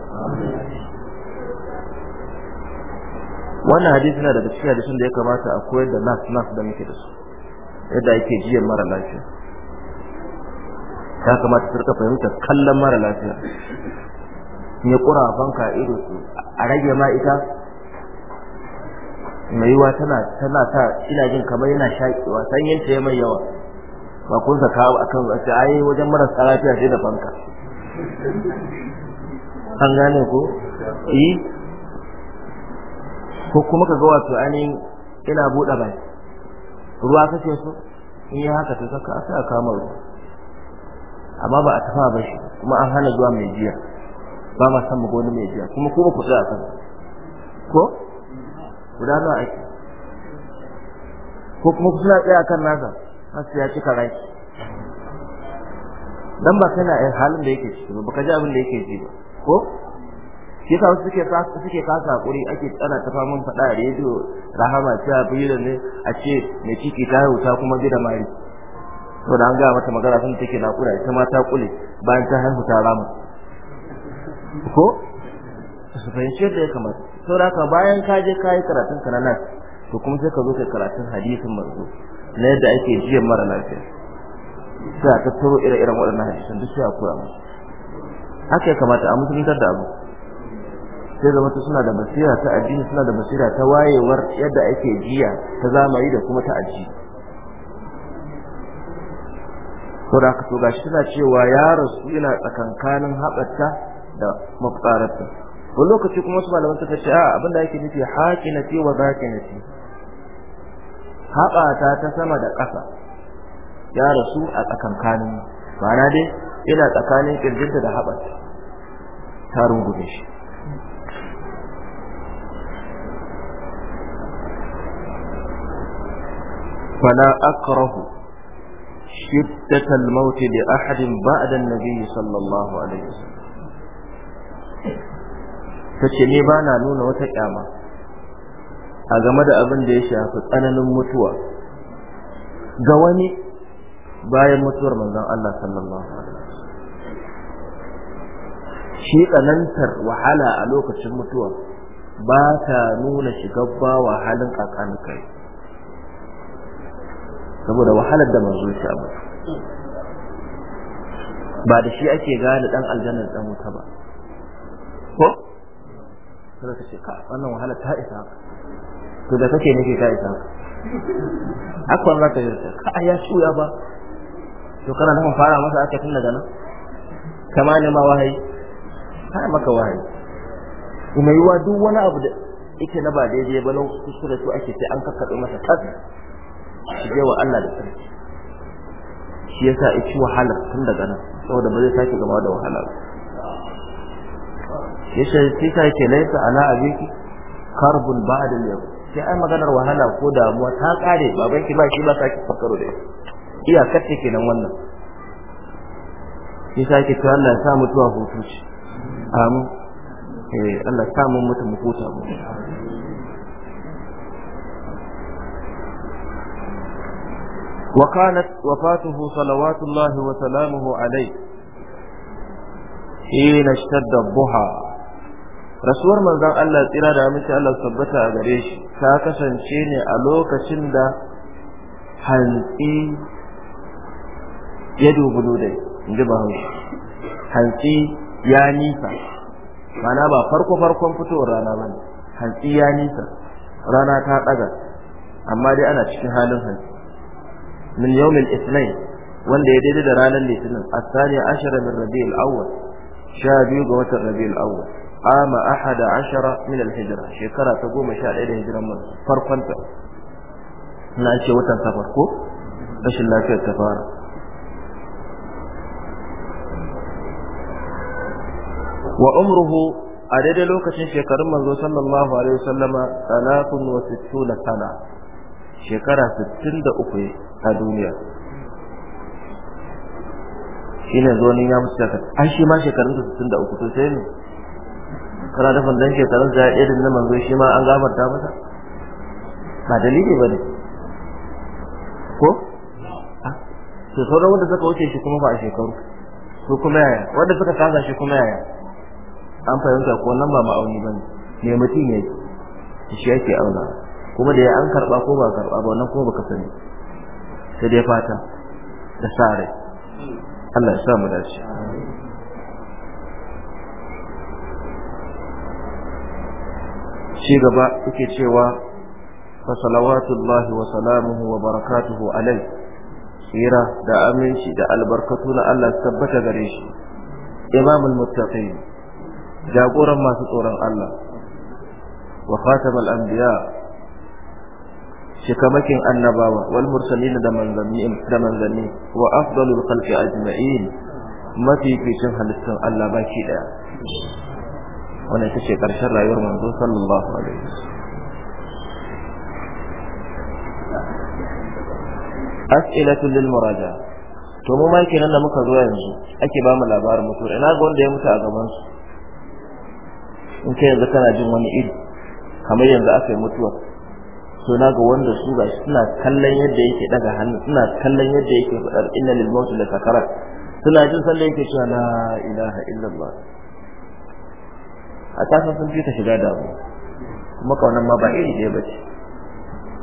wannan hadisi na da cikin hadisin da ya kamata a koyar da nas nas da muke da su yadda ake jiya mara lafiya ya kamata su rika fahimta kallon mara lafiya ya kura fanka ido su a rage ma ita mai yiwa tana tana sa ina jin kamar yana shaƙewa sanyin ta mai yawa ba kun saka akan wasu ayi wajen marasa lafiya sai da fanka an gane ko eh ko kuma ka ga wato ainihin ina buɗe baki ruwa kake so in yi haka to saka aka a kama ruwa amma ba a tafa ba shi kuma an hana zuwa mai jiya ba ma san magoni mai jiya kuma kuma ku tsaya kan ko guda nawa ake ko kuma ku tsaya tsaya kan nasa har sai ya cika rai dan ba kana halin da yake ciki ba ka ji abin da yake ji ba ko shi ka suke suke kasa hakuri ake tsana ta faman faɗa a rediyo rahama ta biyu ne a ce mai ciki ta haihu ta kuma gida mari to da an ga mata magana sun take kura ita ma ta kule bayan ta haihu ta rama ko su fahimci yadda ya kamata saboda ka bayan ka je kai karatun ka na nan to kuma sai ka zo kai karatun hadisin manzo na yadda ake jiyan mara lafiya sai ka tattaro ire-iren waɗannan hadisan duk sai a kura haka ya kamata a musuluntar da abu sai zama suna da basira ta addini suna da basira ta wayewar yadda ake jiya ta zamani da kuma ta addini to da ka gashi suna cewa yaro su yana tsakankanin haɓarta da mafsararta wani lokaci kuma su malaman suka ce a abin da ake nufi ce wa ce haɓata ta sama da ƙasa ya rasu a tsakankanin ma'ana dai yana tsakanin ƙirjinta da haɓarta ta rungume shi فلا أكره شدة الموت لأحد بعد النبي صلى الله عليه وسلم تشني بانا نون وتكاما أغمد أبن ديشا فتأنن متوى قواني من ذا الله صلى الله عليه وسلم shi tsanantar wahala a lokacin mutuwa ba ta nuna shigar ba wahalin kakanin kai saboda wahalar da manzo ya samu ba da shi ake gane dan aljanna dan wuta ba ko sai ka ce ka wannan wahala ta isa to da kake nake ka isa haka wannan ta yarda ka ya shuya ba to kana nan fara masa aka tun daga nan kama ne ma wahayi har maka wahayi kuma yiwa duk wani abu da yake na ba daidai ba na da su ake sai an kakkaɗe masa tas su je wa Allah da sani shi yasa ya ci wahala tun daga nan saboda ba zai sake gaba da wahala ba shi sai sai ce laisa ala abiki karbun ba'da yau sai ai maganar wahala ko damuwa ta kare baban ki ba shi ba sake fakaro da iya kace kenan wannan sai sai ce Allah ya sa mutuwa hutu ce amin eh Allah ya sa mu mutu mu huta mu وكانت وفاته صلوات الله وسلامه عليه حين اشتد الضحى rasuwar manzon Allah tsira da mace Allah tabbata a gare shi ta kasance ne a lokacin da hantsi ya dubulo dai inji ba hantsi ya nisa mana ba farko farkon fitowar rana ba ne hantsi ya nisa rana ta daga amma dai ana cikin halin hantsi min yawmil ithnain wanda ya daidai da ranar litinin asani ashara min rabi'ul awwal sha biyu ga watan rabi'ul awwal ama ahada ashara min al-hijra shekara ta goma sha ɗaya da hijiran mu farkon ta na ce watan safar ko rashin lafiyar ta fara wa umruhu a daidai lokacin shekarun manzo sallallahu alaihi wasallama shekara 63 a duniya shi ne zo ya mutu shekar an shi ma shekarun da 63 to sai ne kana da fanzan shekarun da irin na manzo shi ma an gafarta masa ba dalili ba ne ko ah, to sauran wanda suka wuce shi kuma ba a shekaru ko kuma yaya wanda suka kaza shi kuma yaya an fahimta ko nan ba ma'auni ba ne me mutum ya ce shi yake auna kuma da ya an karba ko ba karba ba wannan kuma baka sani sai dai fata da sare Allah ya sa mu dace shi gaba yake cewa fa salawatullahi wa salamuhu wa barakatuhu alai tsira da aminci da albarkatu na Allah tabbata gare shi imamul muttaqin jagoran masu tsoron Allah wa khatamal anbiya' shikamakin annabawa wal mursalin da manzanni da manzanni wa afdalul khalqi ajma'in mafificin halittun Allah baki daya wannan ita ce karshen rayuwar manzo sallallahu alaihi as'ilatu lil muraja to mu ma kenan da muka zo yanzu ake ba mu labarin mutuwa ina ga wanda ya mutu a gabansu? su in kai yanzu jin wani iri kamar yanzu aka yi to naga wanda su ga suna kallon yadda yake daga hannu suna kallon yadda yake fadar inna lil maut la sakarat suna jin sallah yake cewa la ilaha illallah a tasan sun fita shiga da abu kuma kaunan ma ba iri ɗaya ba ce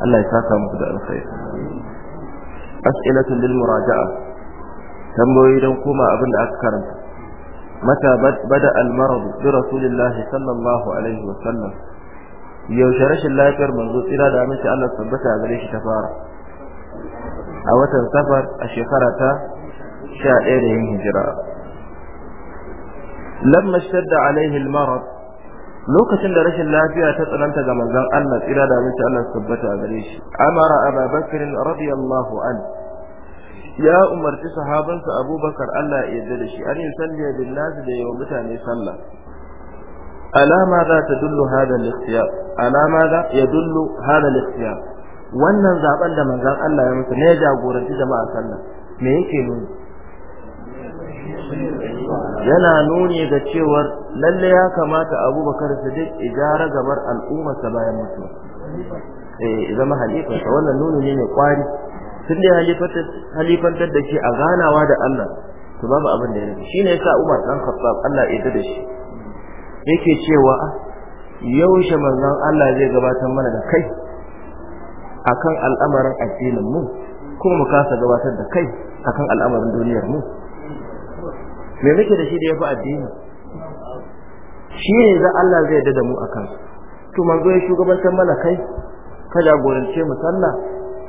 Allah ya saka muku da alkhairi as'ilatu lil muraja'a tambayoyi don koma abin da aka karanta mata bada al marad bi rasulillahi sallallahu alaihi wa sallam yaushe rashin lafiyar manzo tsira da aminci Allah tabbata a gare shi ta fara a watan safar a shekara ta sha ɗaya da yin hijira lamma shadda alaihi al lokacin da rashin lafiya ta tsananta ga manzon Allah tsira da aminci Allah tabbata a gare shi amara Abu Bakr radiyallahu anhu ya umarci sahabansa Abubakar Allah ya yarda da shi an yi salliya bin nas da yawa mutane sallah ala madha tadullu hadha al-ikhtiyar ala madha yadullu hadha al-ikhtiyar wannan zaben da manzon Allah ya mutu ne ya jagoranci jama'a sallah me yake nuni yana nuni ga cewar lalle ya kamata Abubakar Siddiq ijara gabar al'umma sa bayan mutuwa eh zama halifa wannan nuni ne mai kwari tun da halifantar da shi a ganawa da Allah to babu abin da ya rage shine yasa Umar dan Khattab Allah ya da shi yake cewa yaushe manzon Allah zai gabatar mana da kai akan al'amarin addinin mu kuma mu kasa gabatar da kai akan al'amarin duniyar mu me muke da shi da yafi addini shi ne da Allah zai dada mu akan to manzo ya shugabantar mana kai ka jagorance mu sallah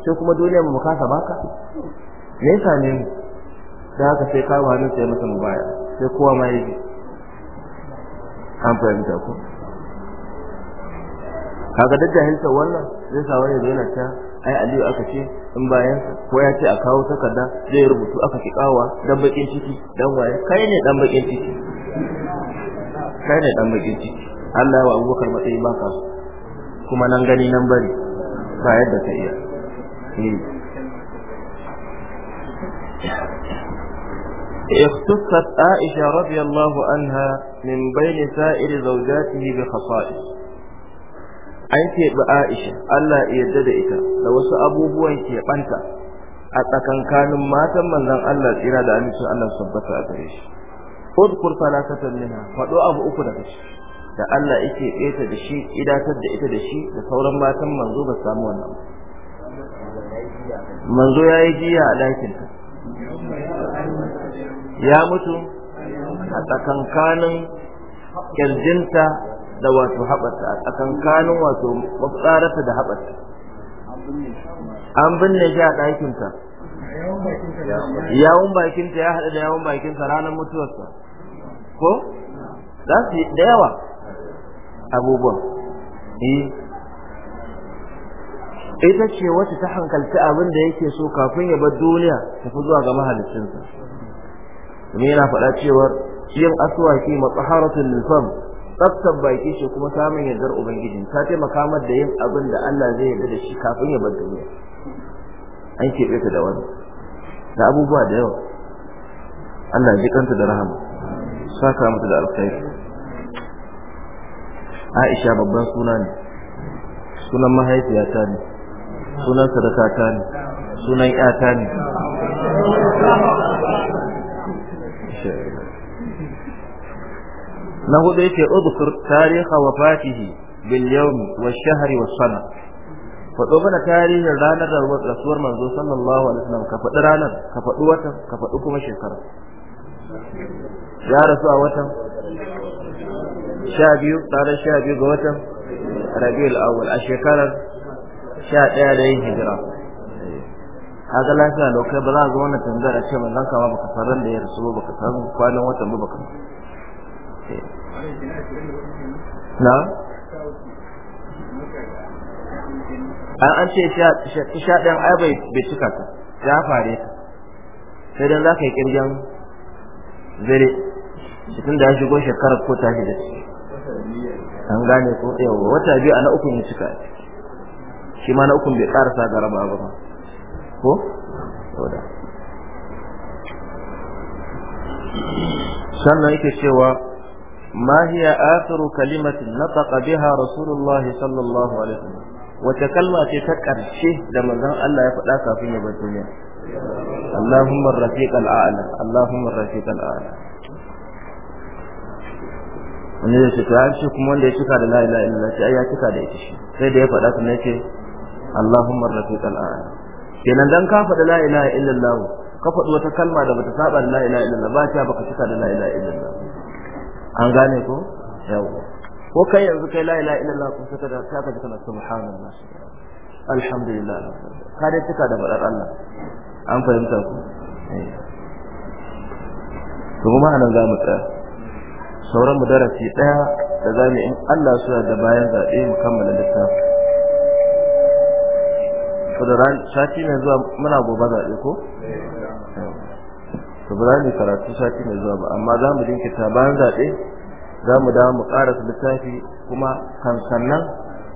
sai kuma duniyar mu kasa baka me yasa ne mu da haka sai kawo hannu sai masa mubaya sai kowa ma yaji an fahimta ko kaga da jahilta wannan zai sa wani yana ta ai aliyu aka ce in bayan ko ya ce a kawo takarda zai rubutu aka ki kawa dan bakin ciki dan waye kai ne dan bakin ciki kai ne dan bakin ciki Allah ya wa Abubakar matsayi baka kuma nan gani nan bari ba yadda ka iya eh. اختصت عائشة رضي الله عنها من بين سائر زوجاته بخصائص an keɓi Aisha Allah ya da ita da wasu abubuwan keɓanta a tsakankanin matan manzon Allah tsira da amincin Allah su a gare shi udkur salatatan minha faɗo abu uku daga shi da Allah yake ƙeta da shi idatar da ita da shi da sauran matan manzo ba samu wannan manzo yayi jiya a ɗakin ya mutu a tsakankanin kirjinta da wato haɓata a tsakankanin wato mafitsararta da haɓata an binne shi a ɗakinta yawun bakinta ya haɗu da yawun bakinta ranar mutuwarsa ko za su yi da yawa abubuwan eh. ita ce wacce ta hankalci abin da yake so kafin ya bar duniya tafi zuwa ga mahalicinsa kuma yana faɗa cewa yin aswaki matsaharatun nufan tsaftar baki shi kuma samun yardar ubangiji ta taimaka mar da yin abin da Allah zai yarda da shi kafin ya bar duniya an keɓe ta da wani da abubuwa da yawa Allah ji kanta da rahama saka mata da alkhairi Aisha babban suna ne sunan mahaifiyata ne sunan sadakata ne sunan ƴata ne na hudu yace udkur tariha wafatihi bil yawm wash shahr was sana faɗo mana tarihin ranar da rasuwar manzo sallallahu alaihi wasallam ka faɗi ranar ka faɗi watan ka faɗi kuma shekara ya rasu a watan sha biyu ranar sha biyu ga watan rabiul awwal a shekarar sha ɗaya da yin hijira haka lafiya lokai ba za a zo wannan tambayar a ce zan kama baka san da ya rasu ba baka san kwanan watan ba baka eh. na an an ce sha ɗan ai bai bai cika ka ya fare ka sai dan za ka yi ƙirgen zare cikin da ya shigo shekara ko ta shi da shi an gane ko yawa wata biyu a na ukun ya cika shi ma na ukun bai ƙarasa ga raba ba ko da sannan yake cewa ما هي آخر كلمة نطق بها رسول الله صلى الله عليه وسلم وتكلمة تكر شيء لما ذهب الله يفتح في الدنيا اللهم الرفيق الأعلى اللهم الرفيق الأعلى wani da shi kayan shi kuma wanda ya cika da la'ila illa shi ai ya cika da ita shi sai da ya faɗa su ne ce Allahumma rafiq al'ala kenan dan ka faɗa la ilaha illallah ka faɗi wata kalma da bata saba da la ilaha illallah ba ta baka cika da la ilaha illallah an gane ko yawo ko kai yanzu kai la ilaha illallah ko saka da saka da kana subhanallah alhamdulillah ka dai tuka da badar Allah an fahimta ku eh. to kuma anan za mu tsaya sauran mu darasi daya da zamu in Allah su da bayan zabe mu kammala littafi. ko da ran sati ne zuwa muna gobe zabe ko to ba za karatu sati mai zuwa amma za mu dinkita bayan zaɓe za mu dawo mu ƙarasa littafi kuma kan sannan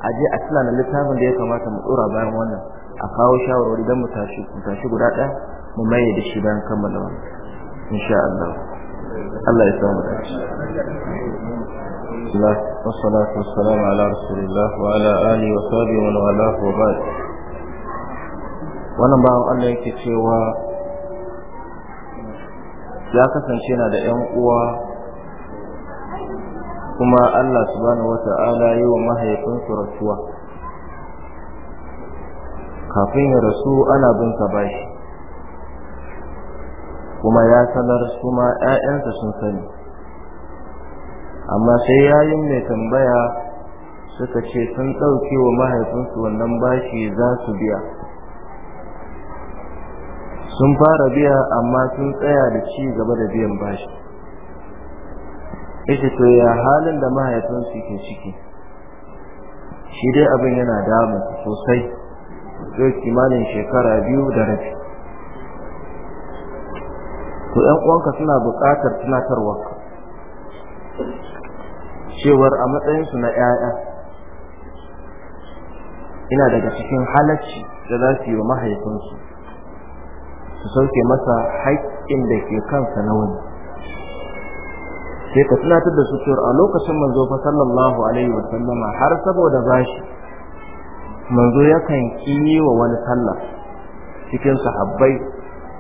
a je a tunana littafin da ya kamata mu ɗora bayan wannan a kawo shawarwari don mu tashi mu tashi guda ɗaya mu maye da shi bayan kammala wannan insha Allah Allah ya samu dace الله والصلاة والسلام على رسول الله وعلى آله وصحبه ومن والاه وبعد wannan bawan Allah yake cewa ya kasance na da ‘yan uwa kuma Allah subhanahu wa ta'ala yi wa mahaifinsu rasuwa kafin ya rasu ana bin ka bashi kuma ya sanar su ma ‘ya'yansa sun sani amma sai yayin mai tambaya suka ce sun ɗauke wa mahaifinsu wannan bashi za su biya sun fara biya amma sun tsaya da ci gaba da biyan bashi ita to ya halin da mahaifinsu ke ciki shi dai abin yana damu sosai zai kimanin shekara biyu da rabi to ɗan uwanka suna buƙatar tunatarwa cewar a matsayinsu na ƴaƴa ina daga cikin halacci da za su yi wa mahaifinsu su sauke masa haƙƙin da ke kansa na wani sai ka tunatar da su cewa a lokacin manzo fa sallallahu alaihi wa sallama har saboda bashi manzo yakan kiyi wa wani sallah cikin sahabbai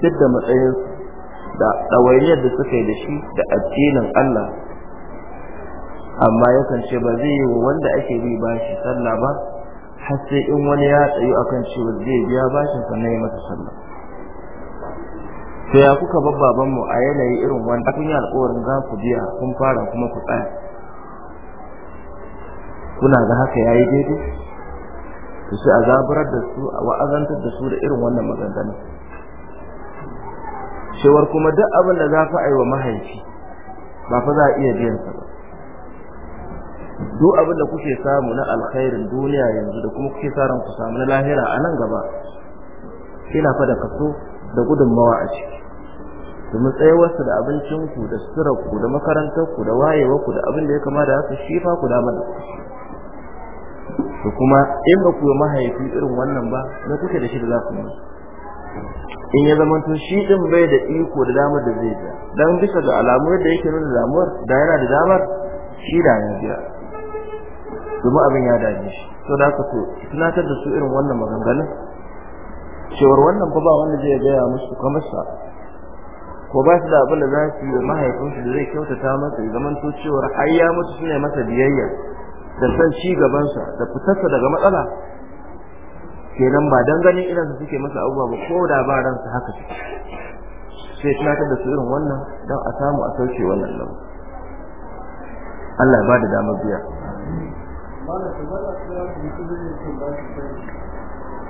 duk da matsayin da ɗawainiyar da suka yi da shi da addinin Allah amma yakan ce ba zai yi wa wanda ake bi bashi sallah ba har sai in wani ya tsayu akan cewa zai biya bashin sannan ya masa sallah sai ya kuka babban mu a yanayi irin wanda kun yi alƙawarin za ku biya kun fara kuma ku tsaya kuna ga haka yayi daidai to sai a zaburar da su a wa'azantar da su da irin wannan maganganu cewar kuma duk abin da za ka aiwa mahaifi ba fa za a iya biyan sa ba duk abin da kuke samu na alkhairin duniya yanzu da kuma kuke sa ran ku samu na lahira a nan gaba kina fa da kaso da gudunmawa a ciki domin tsayawarsa da abincinku da suturarku da makarantarku da wayewarku da abin da ya kama da haka shi fa ku dama da da kuma in ba ku mahaifi irin wannan ba na kuke da shi da za ku yi in ya zama tun shi din bai da iko da damar da zai ja don bisa ga alamu yadda yake nuna damuwar da yana da damar shi da ya jira domin abin ya dame shi to da aka to tunatar da su irin wannan maganganun cewar wannan ba ba wanda zai gaya musu kamar sa ko ba su da abin da za su yi mahaifinsu da zai kyautata masa ya zaman to cewar har ya mutu su ne masa biyayya da san ci gabansa da fitarsa daga matsala kenan ba dan ganin su suke masa abubuwa ba ko da ba ransa haka sai tunatar da su irin wannan don a samu a sauke wannan nan. Allah ya ba da damar biya.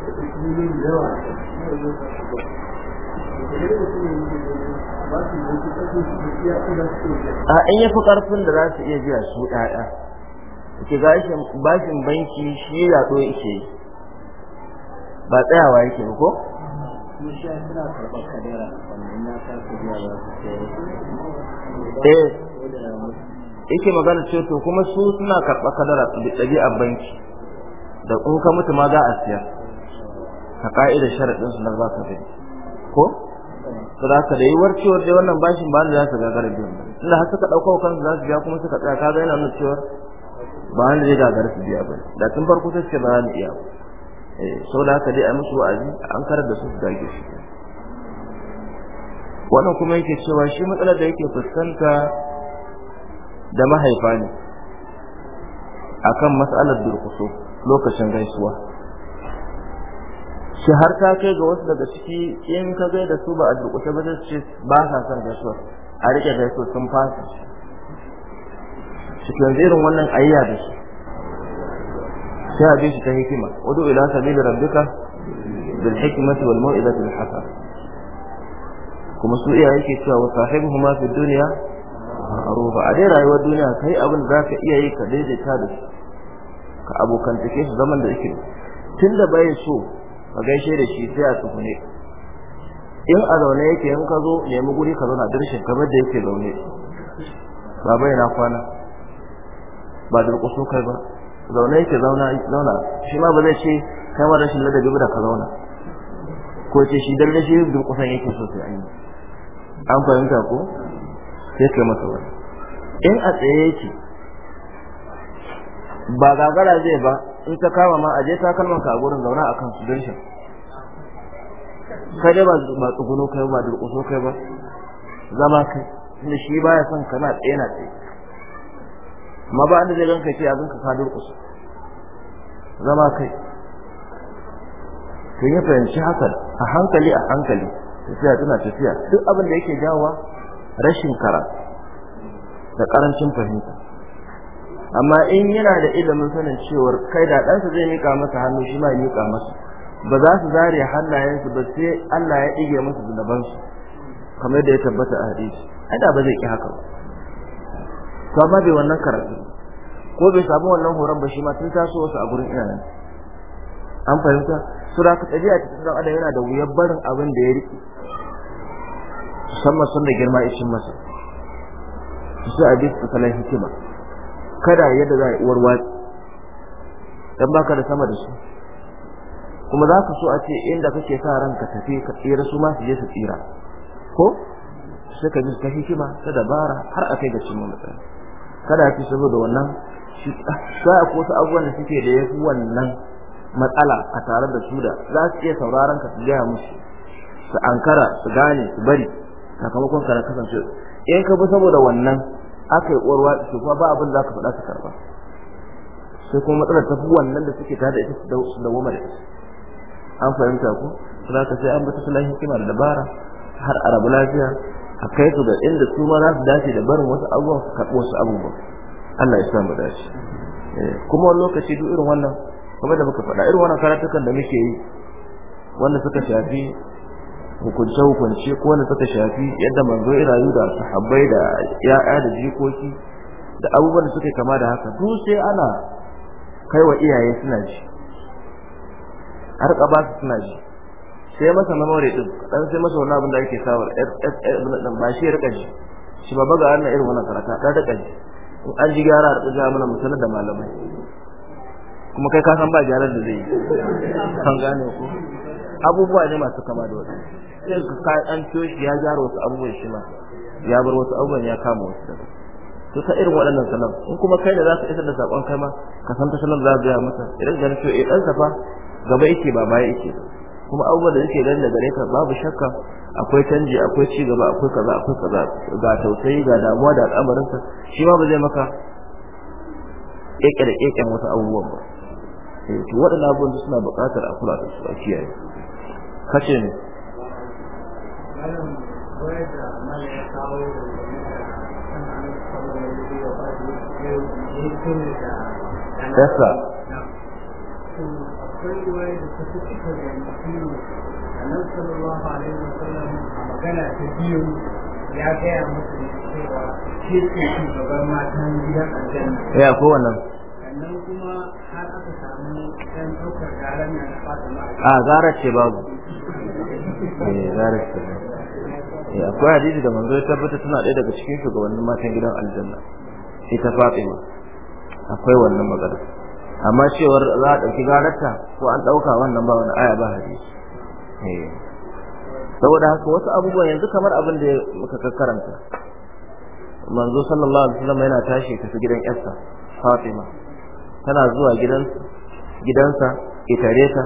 a in yi fi ƙarfin da za su iya biya su ɗaya ke bashin banki shi ya yaɗo yake yi ba tsayawa yake ba ko? eh yake magana ce to kuma su suna karɓar kadara ɗabi'ar banki da kuka mutu ma za a siyar a ka'idar sharadin su na ba ka bi ko to za ka da yi warcewar dai wannan bashin ba za su gagara biyan ba inda har suka ɗauka kansu za su biya kuma suka tsaya ka ga yana nuna cewar ba wanda zai gagara su biya ba da tun farko sai suke ba za mu iya eh, sau da haka dai a musu wa'azi an karar da su su dage shi wannan kuma yake cewa shi matsalar da yake fuskanta da mahaifa ne akan matsalar durkusu lokacin gaisuwa shi har ta kai ga wasu daga ciki in ka gai da su ba a durƙushe ba zai ce ba sa son gaisuwa a riƙe gaisuwa sun fasa shi kan zirin wannan ayya da shi sai a bi shi ta hikima wadu ila sabili rabbika bil hikmati wal mau'izati al hasana kuma su iyaye ke cewa wa sahibuhuma fi dunya ma'rufa a dai rayuwar duniya kai abin da zaka iya yi ka daidaita da su ka abokantake shi zaman da yake tunda bai so a gaishe da shi sai a tsugune in a zaune yake in ka zo nemi guri ka zauna dirshin kamar da yake zaune bai na kwana ba durƙuso kai ba zaune yake zauna zauna shi ma ba zai ce kai ma rashin ladabi ba da ka zauna ko ce shi shi da durƙusan yake so sai an yi an fahimta ko sai kai masa wani in a tsaye yake ba gagara zai ba in ta kama ma aje ta kalmar ka a gurin zauna a kan su don shi kai dai ba tsuguno kai ba durƙuso kai ba zama kai tunda shi baya son kana tsaye na tsaye amma ba inda zai ganka ce abin ka duk durƙusa zama kai sai yi fahimci hakan a hankali a hankali tafiya tana tafiya duk abin da yake jawowa rashin karatu da karancin fahimta amma in yana da ilimin sanin cewar kai da ɗansa zai mika masa hannu shi ma mika masa ba za su zare hannayensu ba sai Allah ya ɗige musu zunubansu kamar da ya tabbata a hadisi ada ba zai ki haka ba to amma bai wannan karatu ko bai samu wannan horon ba shi ma tun taso wasu a gurin iyayen an fahimta sura ka tabi'a a cikin adam yana da wuyar barin abin da ya riƙe musamman sun da girma ishin masa su a bisa kalan hikima kada yadda za a uwar watsi ba baka da sama da su kuma za ka so a ce inda kake sa ranka tafi ka tsira su ma su je su tsira ko sai ka hikima ta dabara har a kai ga cin matsala kada ki saboda wannan shi sai akwai wasu abubuwan da suke da yafi wannan matsala a tare da su da za su iya sauraron ka su musu su ankara su gane su bari sakamakon ka kasance in ka bi saboda wannan aka yi uwar watsi to ba abin da aka faɗa ta karba sai kuma matsalar ta fi wannan da suke tare da ita su dawo mara an fahimta ku za ka sai an bata ta sulan hikima da dabara har a rabu lafiya a kai su ga inda su ma za su dace da barin wasu abubuwan su karɓi wasu abubuwan Allah ya sa mu dace eh, kuma wani lokaci duk irin wannan kamar da muka faɗa irin wannan karatukan da muke yi wanda suka shafi hukunce hukunce ko wanda suka shafi yadda manzo ya rayu da sahabbai da ya'ya da jikoki da abubuwan da suke kama da haka duk sai ana kai wa iyaye suna ji har ba su suna ji sai masa namore din dan sai masa wani abin da ake sawa dan eh, eh, eh, ba shi rika ji shi ba ga wannan irin wannan karata da rika ji in an ji gyara da ga mana musalla da malamai kuma kai ka san ba gyaran da zai yi kan gane ko abubuwa ne masu kama da wasu sai ka an ciyo shi ya gyara wasu abubuwan shi ma ya bar wasu abubuwan ya kama wasu daga to ta irin waɗannan salam in kuma kai da za ka isar da sakon kai ma ka san ta salam za ka ga masa idan ganin to eh ɗan safa gaba yake ba baya yake kuma abubuwan da yake ganin daga gare ka babu shakka akwai canji akwai ci gaba akwai kaza akwai kaza ga tausayi ga damuwa da al'amarinsa shi ma ba zai maka ƙeƙe da ƙeƙen wasu abubuwan ba eh, to waɗannan abubuwan suna buƙatar a kula da su a kiyaye kace ne Yasa. ya gaya musu cewa shi ke shugaban matan gidan Ya ko wannan. Sannan kuma har aka samu ɗan ɗaukar na da fata A gara ce babu. eh zarar eh akwai hadisi da manzo ya tabbata tana ɗaya daga cikin shugabannin matan gidan aljanna ita Fatima akwai wannan magana amma cewar za a ɗauki garanta ko an ɗauka wannan ba wani aya ba hadisi eh saboda haka wasu abubuwa yanzu kamar abin da muka karanta manzo sallallahu alaihi wasallam yana tashi tafi gidan yarsa Fatima tana zuwa gidan gidansa ita reta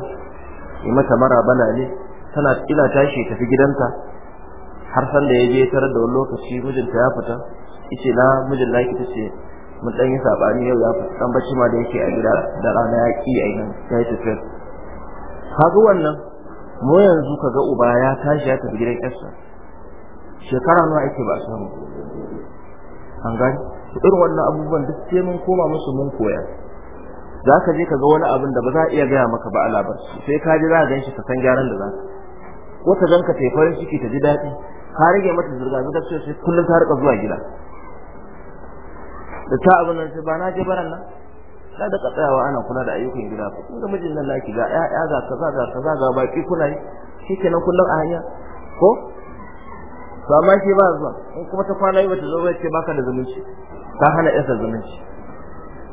yi mata maraba ne tana ina tashi tafi gidanta har san da ya je tarar da wani lokaci mijinta ya fita yace na mijin naki tace mun dan yi sabani yau ya fita dan bacci ma da yake a gida da rana ya ki a nan ya yi Ka kaga wannan mu yanzu kaga uba ya tashi ya tafi gidan yarsa shekara nawa ake ba samu an ga irin wannan abubuwan duk sai mun koma musu mun koya za ka je ka ga wani abin da ba za a iya gaya maka ba alabar sai ka ji za a gan shi ka san gyaran da za ka wata zanka ta yi farin ciki ta ji daɗi ka rage mata zurga zurga ce sai kullum ta rika zuwa gida da ta abin nan sai ba na je baran nan da da katsayawa ana kula da ayyukan gida ko kun ga mijin nan laki ga ƴaƴa ga kaza ga kaza ga baki kuna yi kenan kullum a hanya ko to amma shi ba zuwa in kuma ta kwana yi bata zo ba ce baka da zumunci ka hana yasa zumunci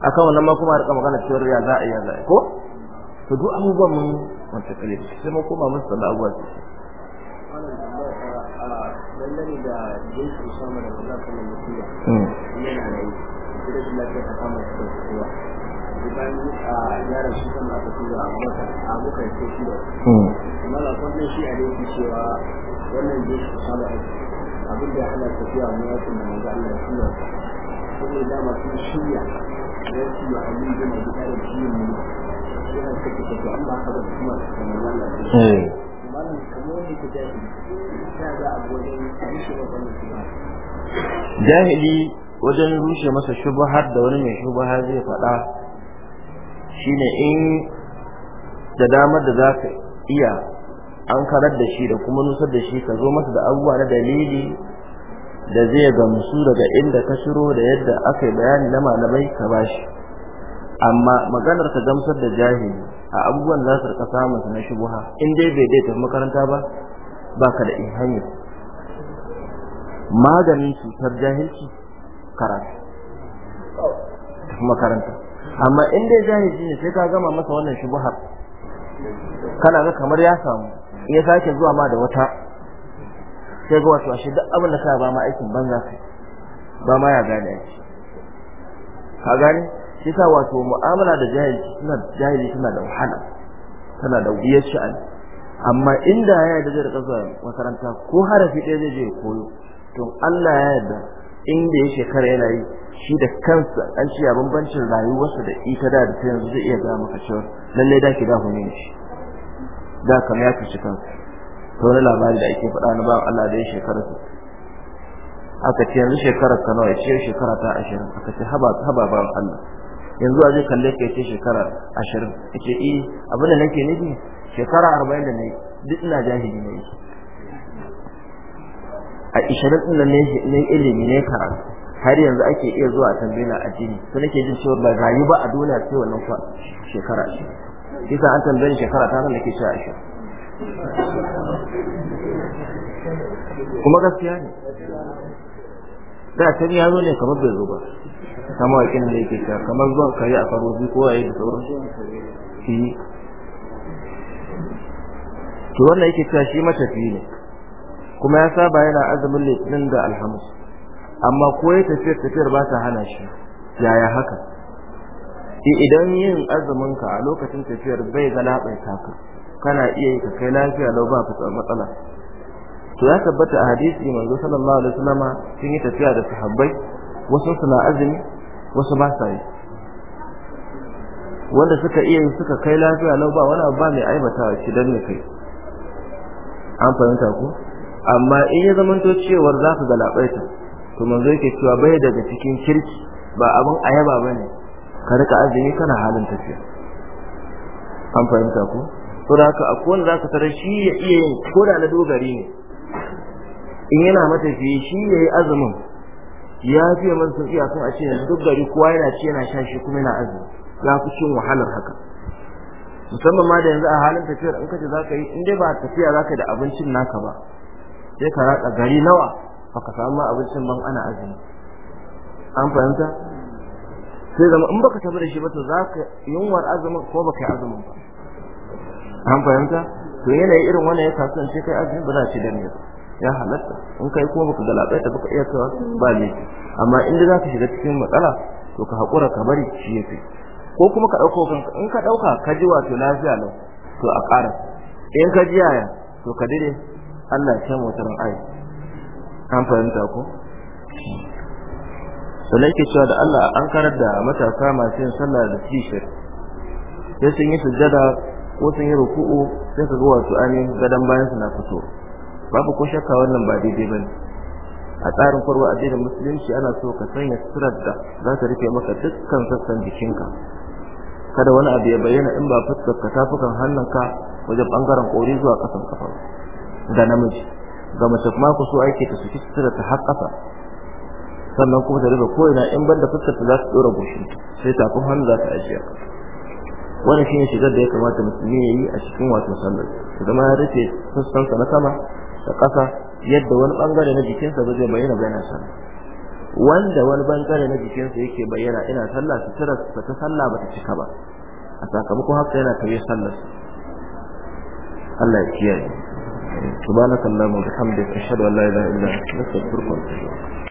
akan wannan ma kuma rika magana cewa ya za a yi ya za a yi ko to duk abubuwan mun wata kalli sai mun koma mun sallah abubuwa malam tambaya a dangane da jinsu usama da maza kuma mutiya hmm. yana da yi da shi ta kama da kowa idan a yaran shi sama aka tura a mata a muka yi sai shi da shi hmm. a yau cewa wannan jinsu usama abin da ya hana tafiya mu yakin da maza Allah ya tura kuma da masu shirya da su yi abin da mai da shi ne yana kake tafiya amma haka da kuma da Allah ya tura jahili wajen rushe masa shubahar da wani mai shubuha zai faɗa shine in da damar da za ka iya an karar da shi da kuma nusar da shi ka zo masa da abubuwa na dalili da zai gamsu daga inda ka shiro da yadda aka yi bayani na malamai ka bashi amma maganar ka gamsar da jahili a abubuwan za su rika samun na shubuha in dai bai dai tafi makaranta ba ba ka da in hanyar maganin cutar jahilci karatu tafi makaranta amma in dai jahilci ne sai ka gama masa wannan shubuhar kana ga kamar ya samu ya sake zuwa ma da wata sai ga wasu ashe duk abin da ka ba ma aikin banza su ba ma ya gane aiki ka gane kisa wato mu'amala da jahili suna jahili suna da wahala tana da wuyar sha'ani amma inda ya yarda da kasa zuwa makaranta ko harafi ɗaya zai je koyo to Allah ya yarda inda ya shekara yana yi shi da kansa an ciya bambancin rayuwarsa da ita da ta yanzu zai iya ga maka cewa lallai da ki da hune shi da kam ya fice kansa to wani labari da ake faɗa na bawan Allah da ya shekara su aka ce yanzu shekarar ta nawa ya ce shekara ta ashirin aka ce haba haba bawan Allah yanzu a zai kalle ka ce shekara 20 yace eh abin da nake nufi shekara 40 da nayi duk ina jahili ne a 20 din nan ne ilimi ne karatu har yanzu ake iya zuwa tambayina addini to nake jin cewa ba rayu ba a duniya sai wannan kwa shekara shi kisa an tambaye shekara ta nan nake cewa 20 kuma gaskiya ne da ta ya zo ne kamar bai zo ba ta mawaƙin da yake ta kamar zuwa kai a farozi ko a yi da sauran shi to wannan yake ta shi matafi ne kuma ya saba yana azumin litinin da alhamis amma ko ya tafiyar tafiyar ba ta hana shi yaya haka eh, idan yin azumin ka a lokacin tafiyar bai ga labaita ka kana iya yi ka kai lafiya lau ba fita matsala to ya tabbata a hadisi manzo sallallahu alaihi wasallama sun yi tafiya da sahabbai wasu suna azumi wasu ba sa yi wanda suka iya yi suka kai lafiya lau ba wani abu ba mai aibatawa shi dan ne kai an fahimta ku? amma in ya to cewar za ka galabaita to manzo yake cewa bai daga cikin kirki ba abin ayaba ne, ka rika azumi kana halin tafiya an fahimta ku? to da haka akwai wanda ka tarar shi ya iya yin ko da na dogari ne in yana matafiya shi ya yi azumin ya fiye masa iya akan a ce yanzu duk gari kowa yana ce yana sha shi kuma yana azumi ya fi cin wahalar haka musamman ma da yanzu a halin tafiyar in ka ce za ka yi in dai ba tafiya za ka da abincin naka ba sai ka ratsa gari nawa ba ka samu abincin ban ana azumi an fahimta sai zama in baka tafi da shi ba to ka yunwar azumin ko baka yi azumin ba an fahimta to yanayi irin wannan ya kasance kai azumi ba za ci da ne ba ya halatta in kai kuma baka ta baka iya cewa ba ne amma inda za ka shiga cikin matsala to ka haƙura ka bari shi ya ko kuma ka dauko kanka in ka ɗauka ka ji wato lafiya lau to a ƙara in ka ji yaya to ka dire Allah ya kyan wata ai an fahimta ko sannan ke cewa da Allah an karar da matasa masu yin sallah da tishir sai sun yi sujjada ko sun yi ruku'u sai ka ga wato amin gadon bayan su na fito babu ko shakka wannan ba daidai ba ne a tsarin farko addinin musulunci ana so ka sanya sirar da za ta rufe maka dukkan sassan jikinka kada wani abu ya bayyana in ba fuskar ka tafukan hannunka wajen bangaren kori zuwa kasan kafa ga namiji ga mace kuma ku so aiki ta ci sutura ta har kasa sannan kuma ta rufe ko'ina in ban da fuskar ta za su dora goshin sai tafin hannu za ta ajiya wannan shine shigar da ya kamata musulmi ya yi a cikin wato sallar zama ya rufe sassansa na sama da ƙasa yadda wani bangare na jikinsa ba zai bayyana bayan sallah wanda wani bangare na jikinsa yake bayyana ina sallah suturar sa ta sallah ba ta cika ba a sakamakon haka yana tare sallar Allah ya kiyaye subhanakallahumma wa bihamdika ashhadu an la ilaha illa anta astaghfiruka wa atubu ilaik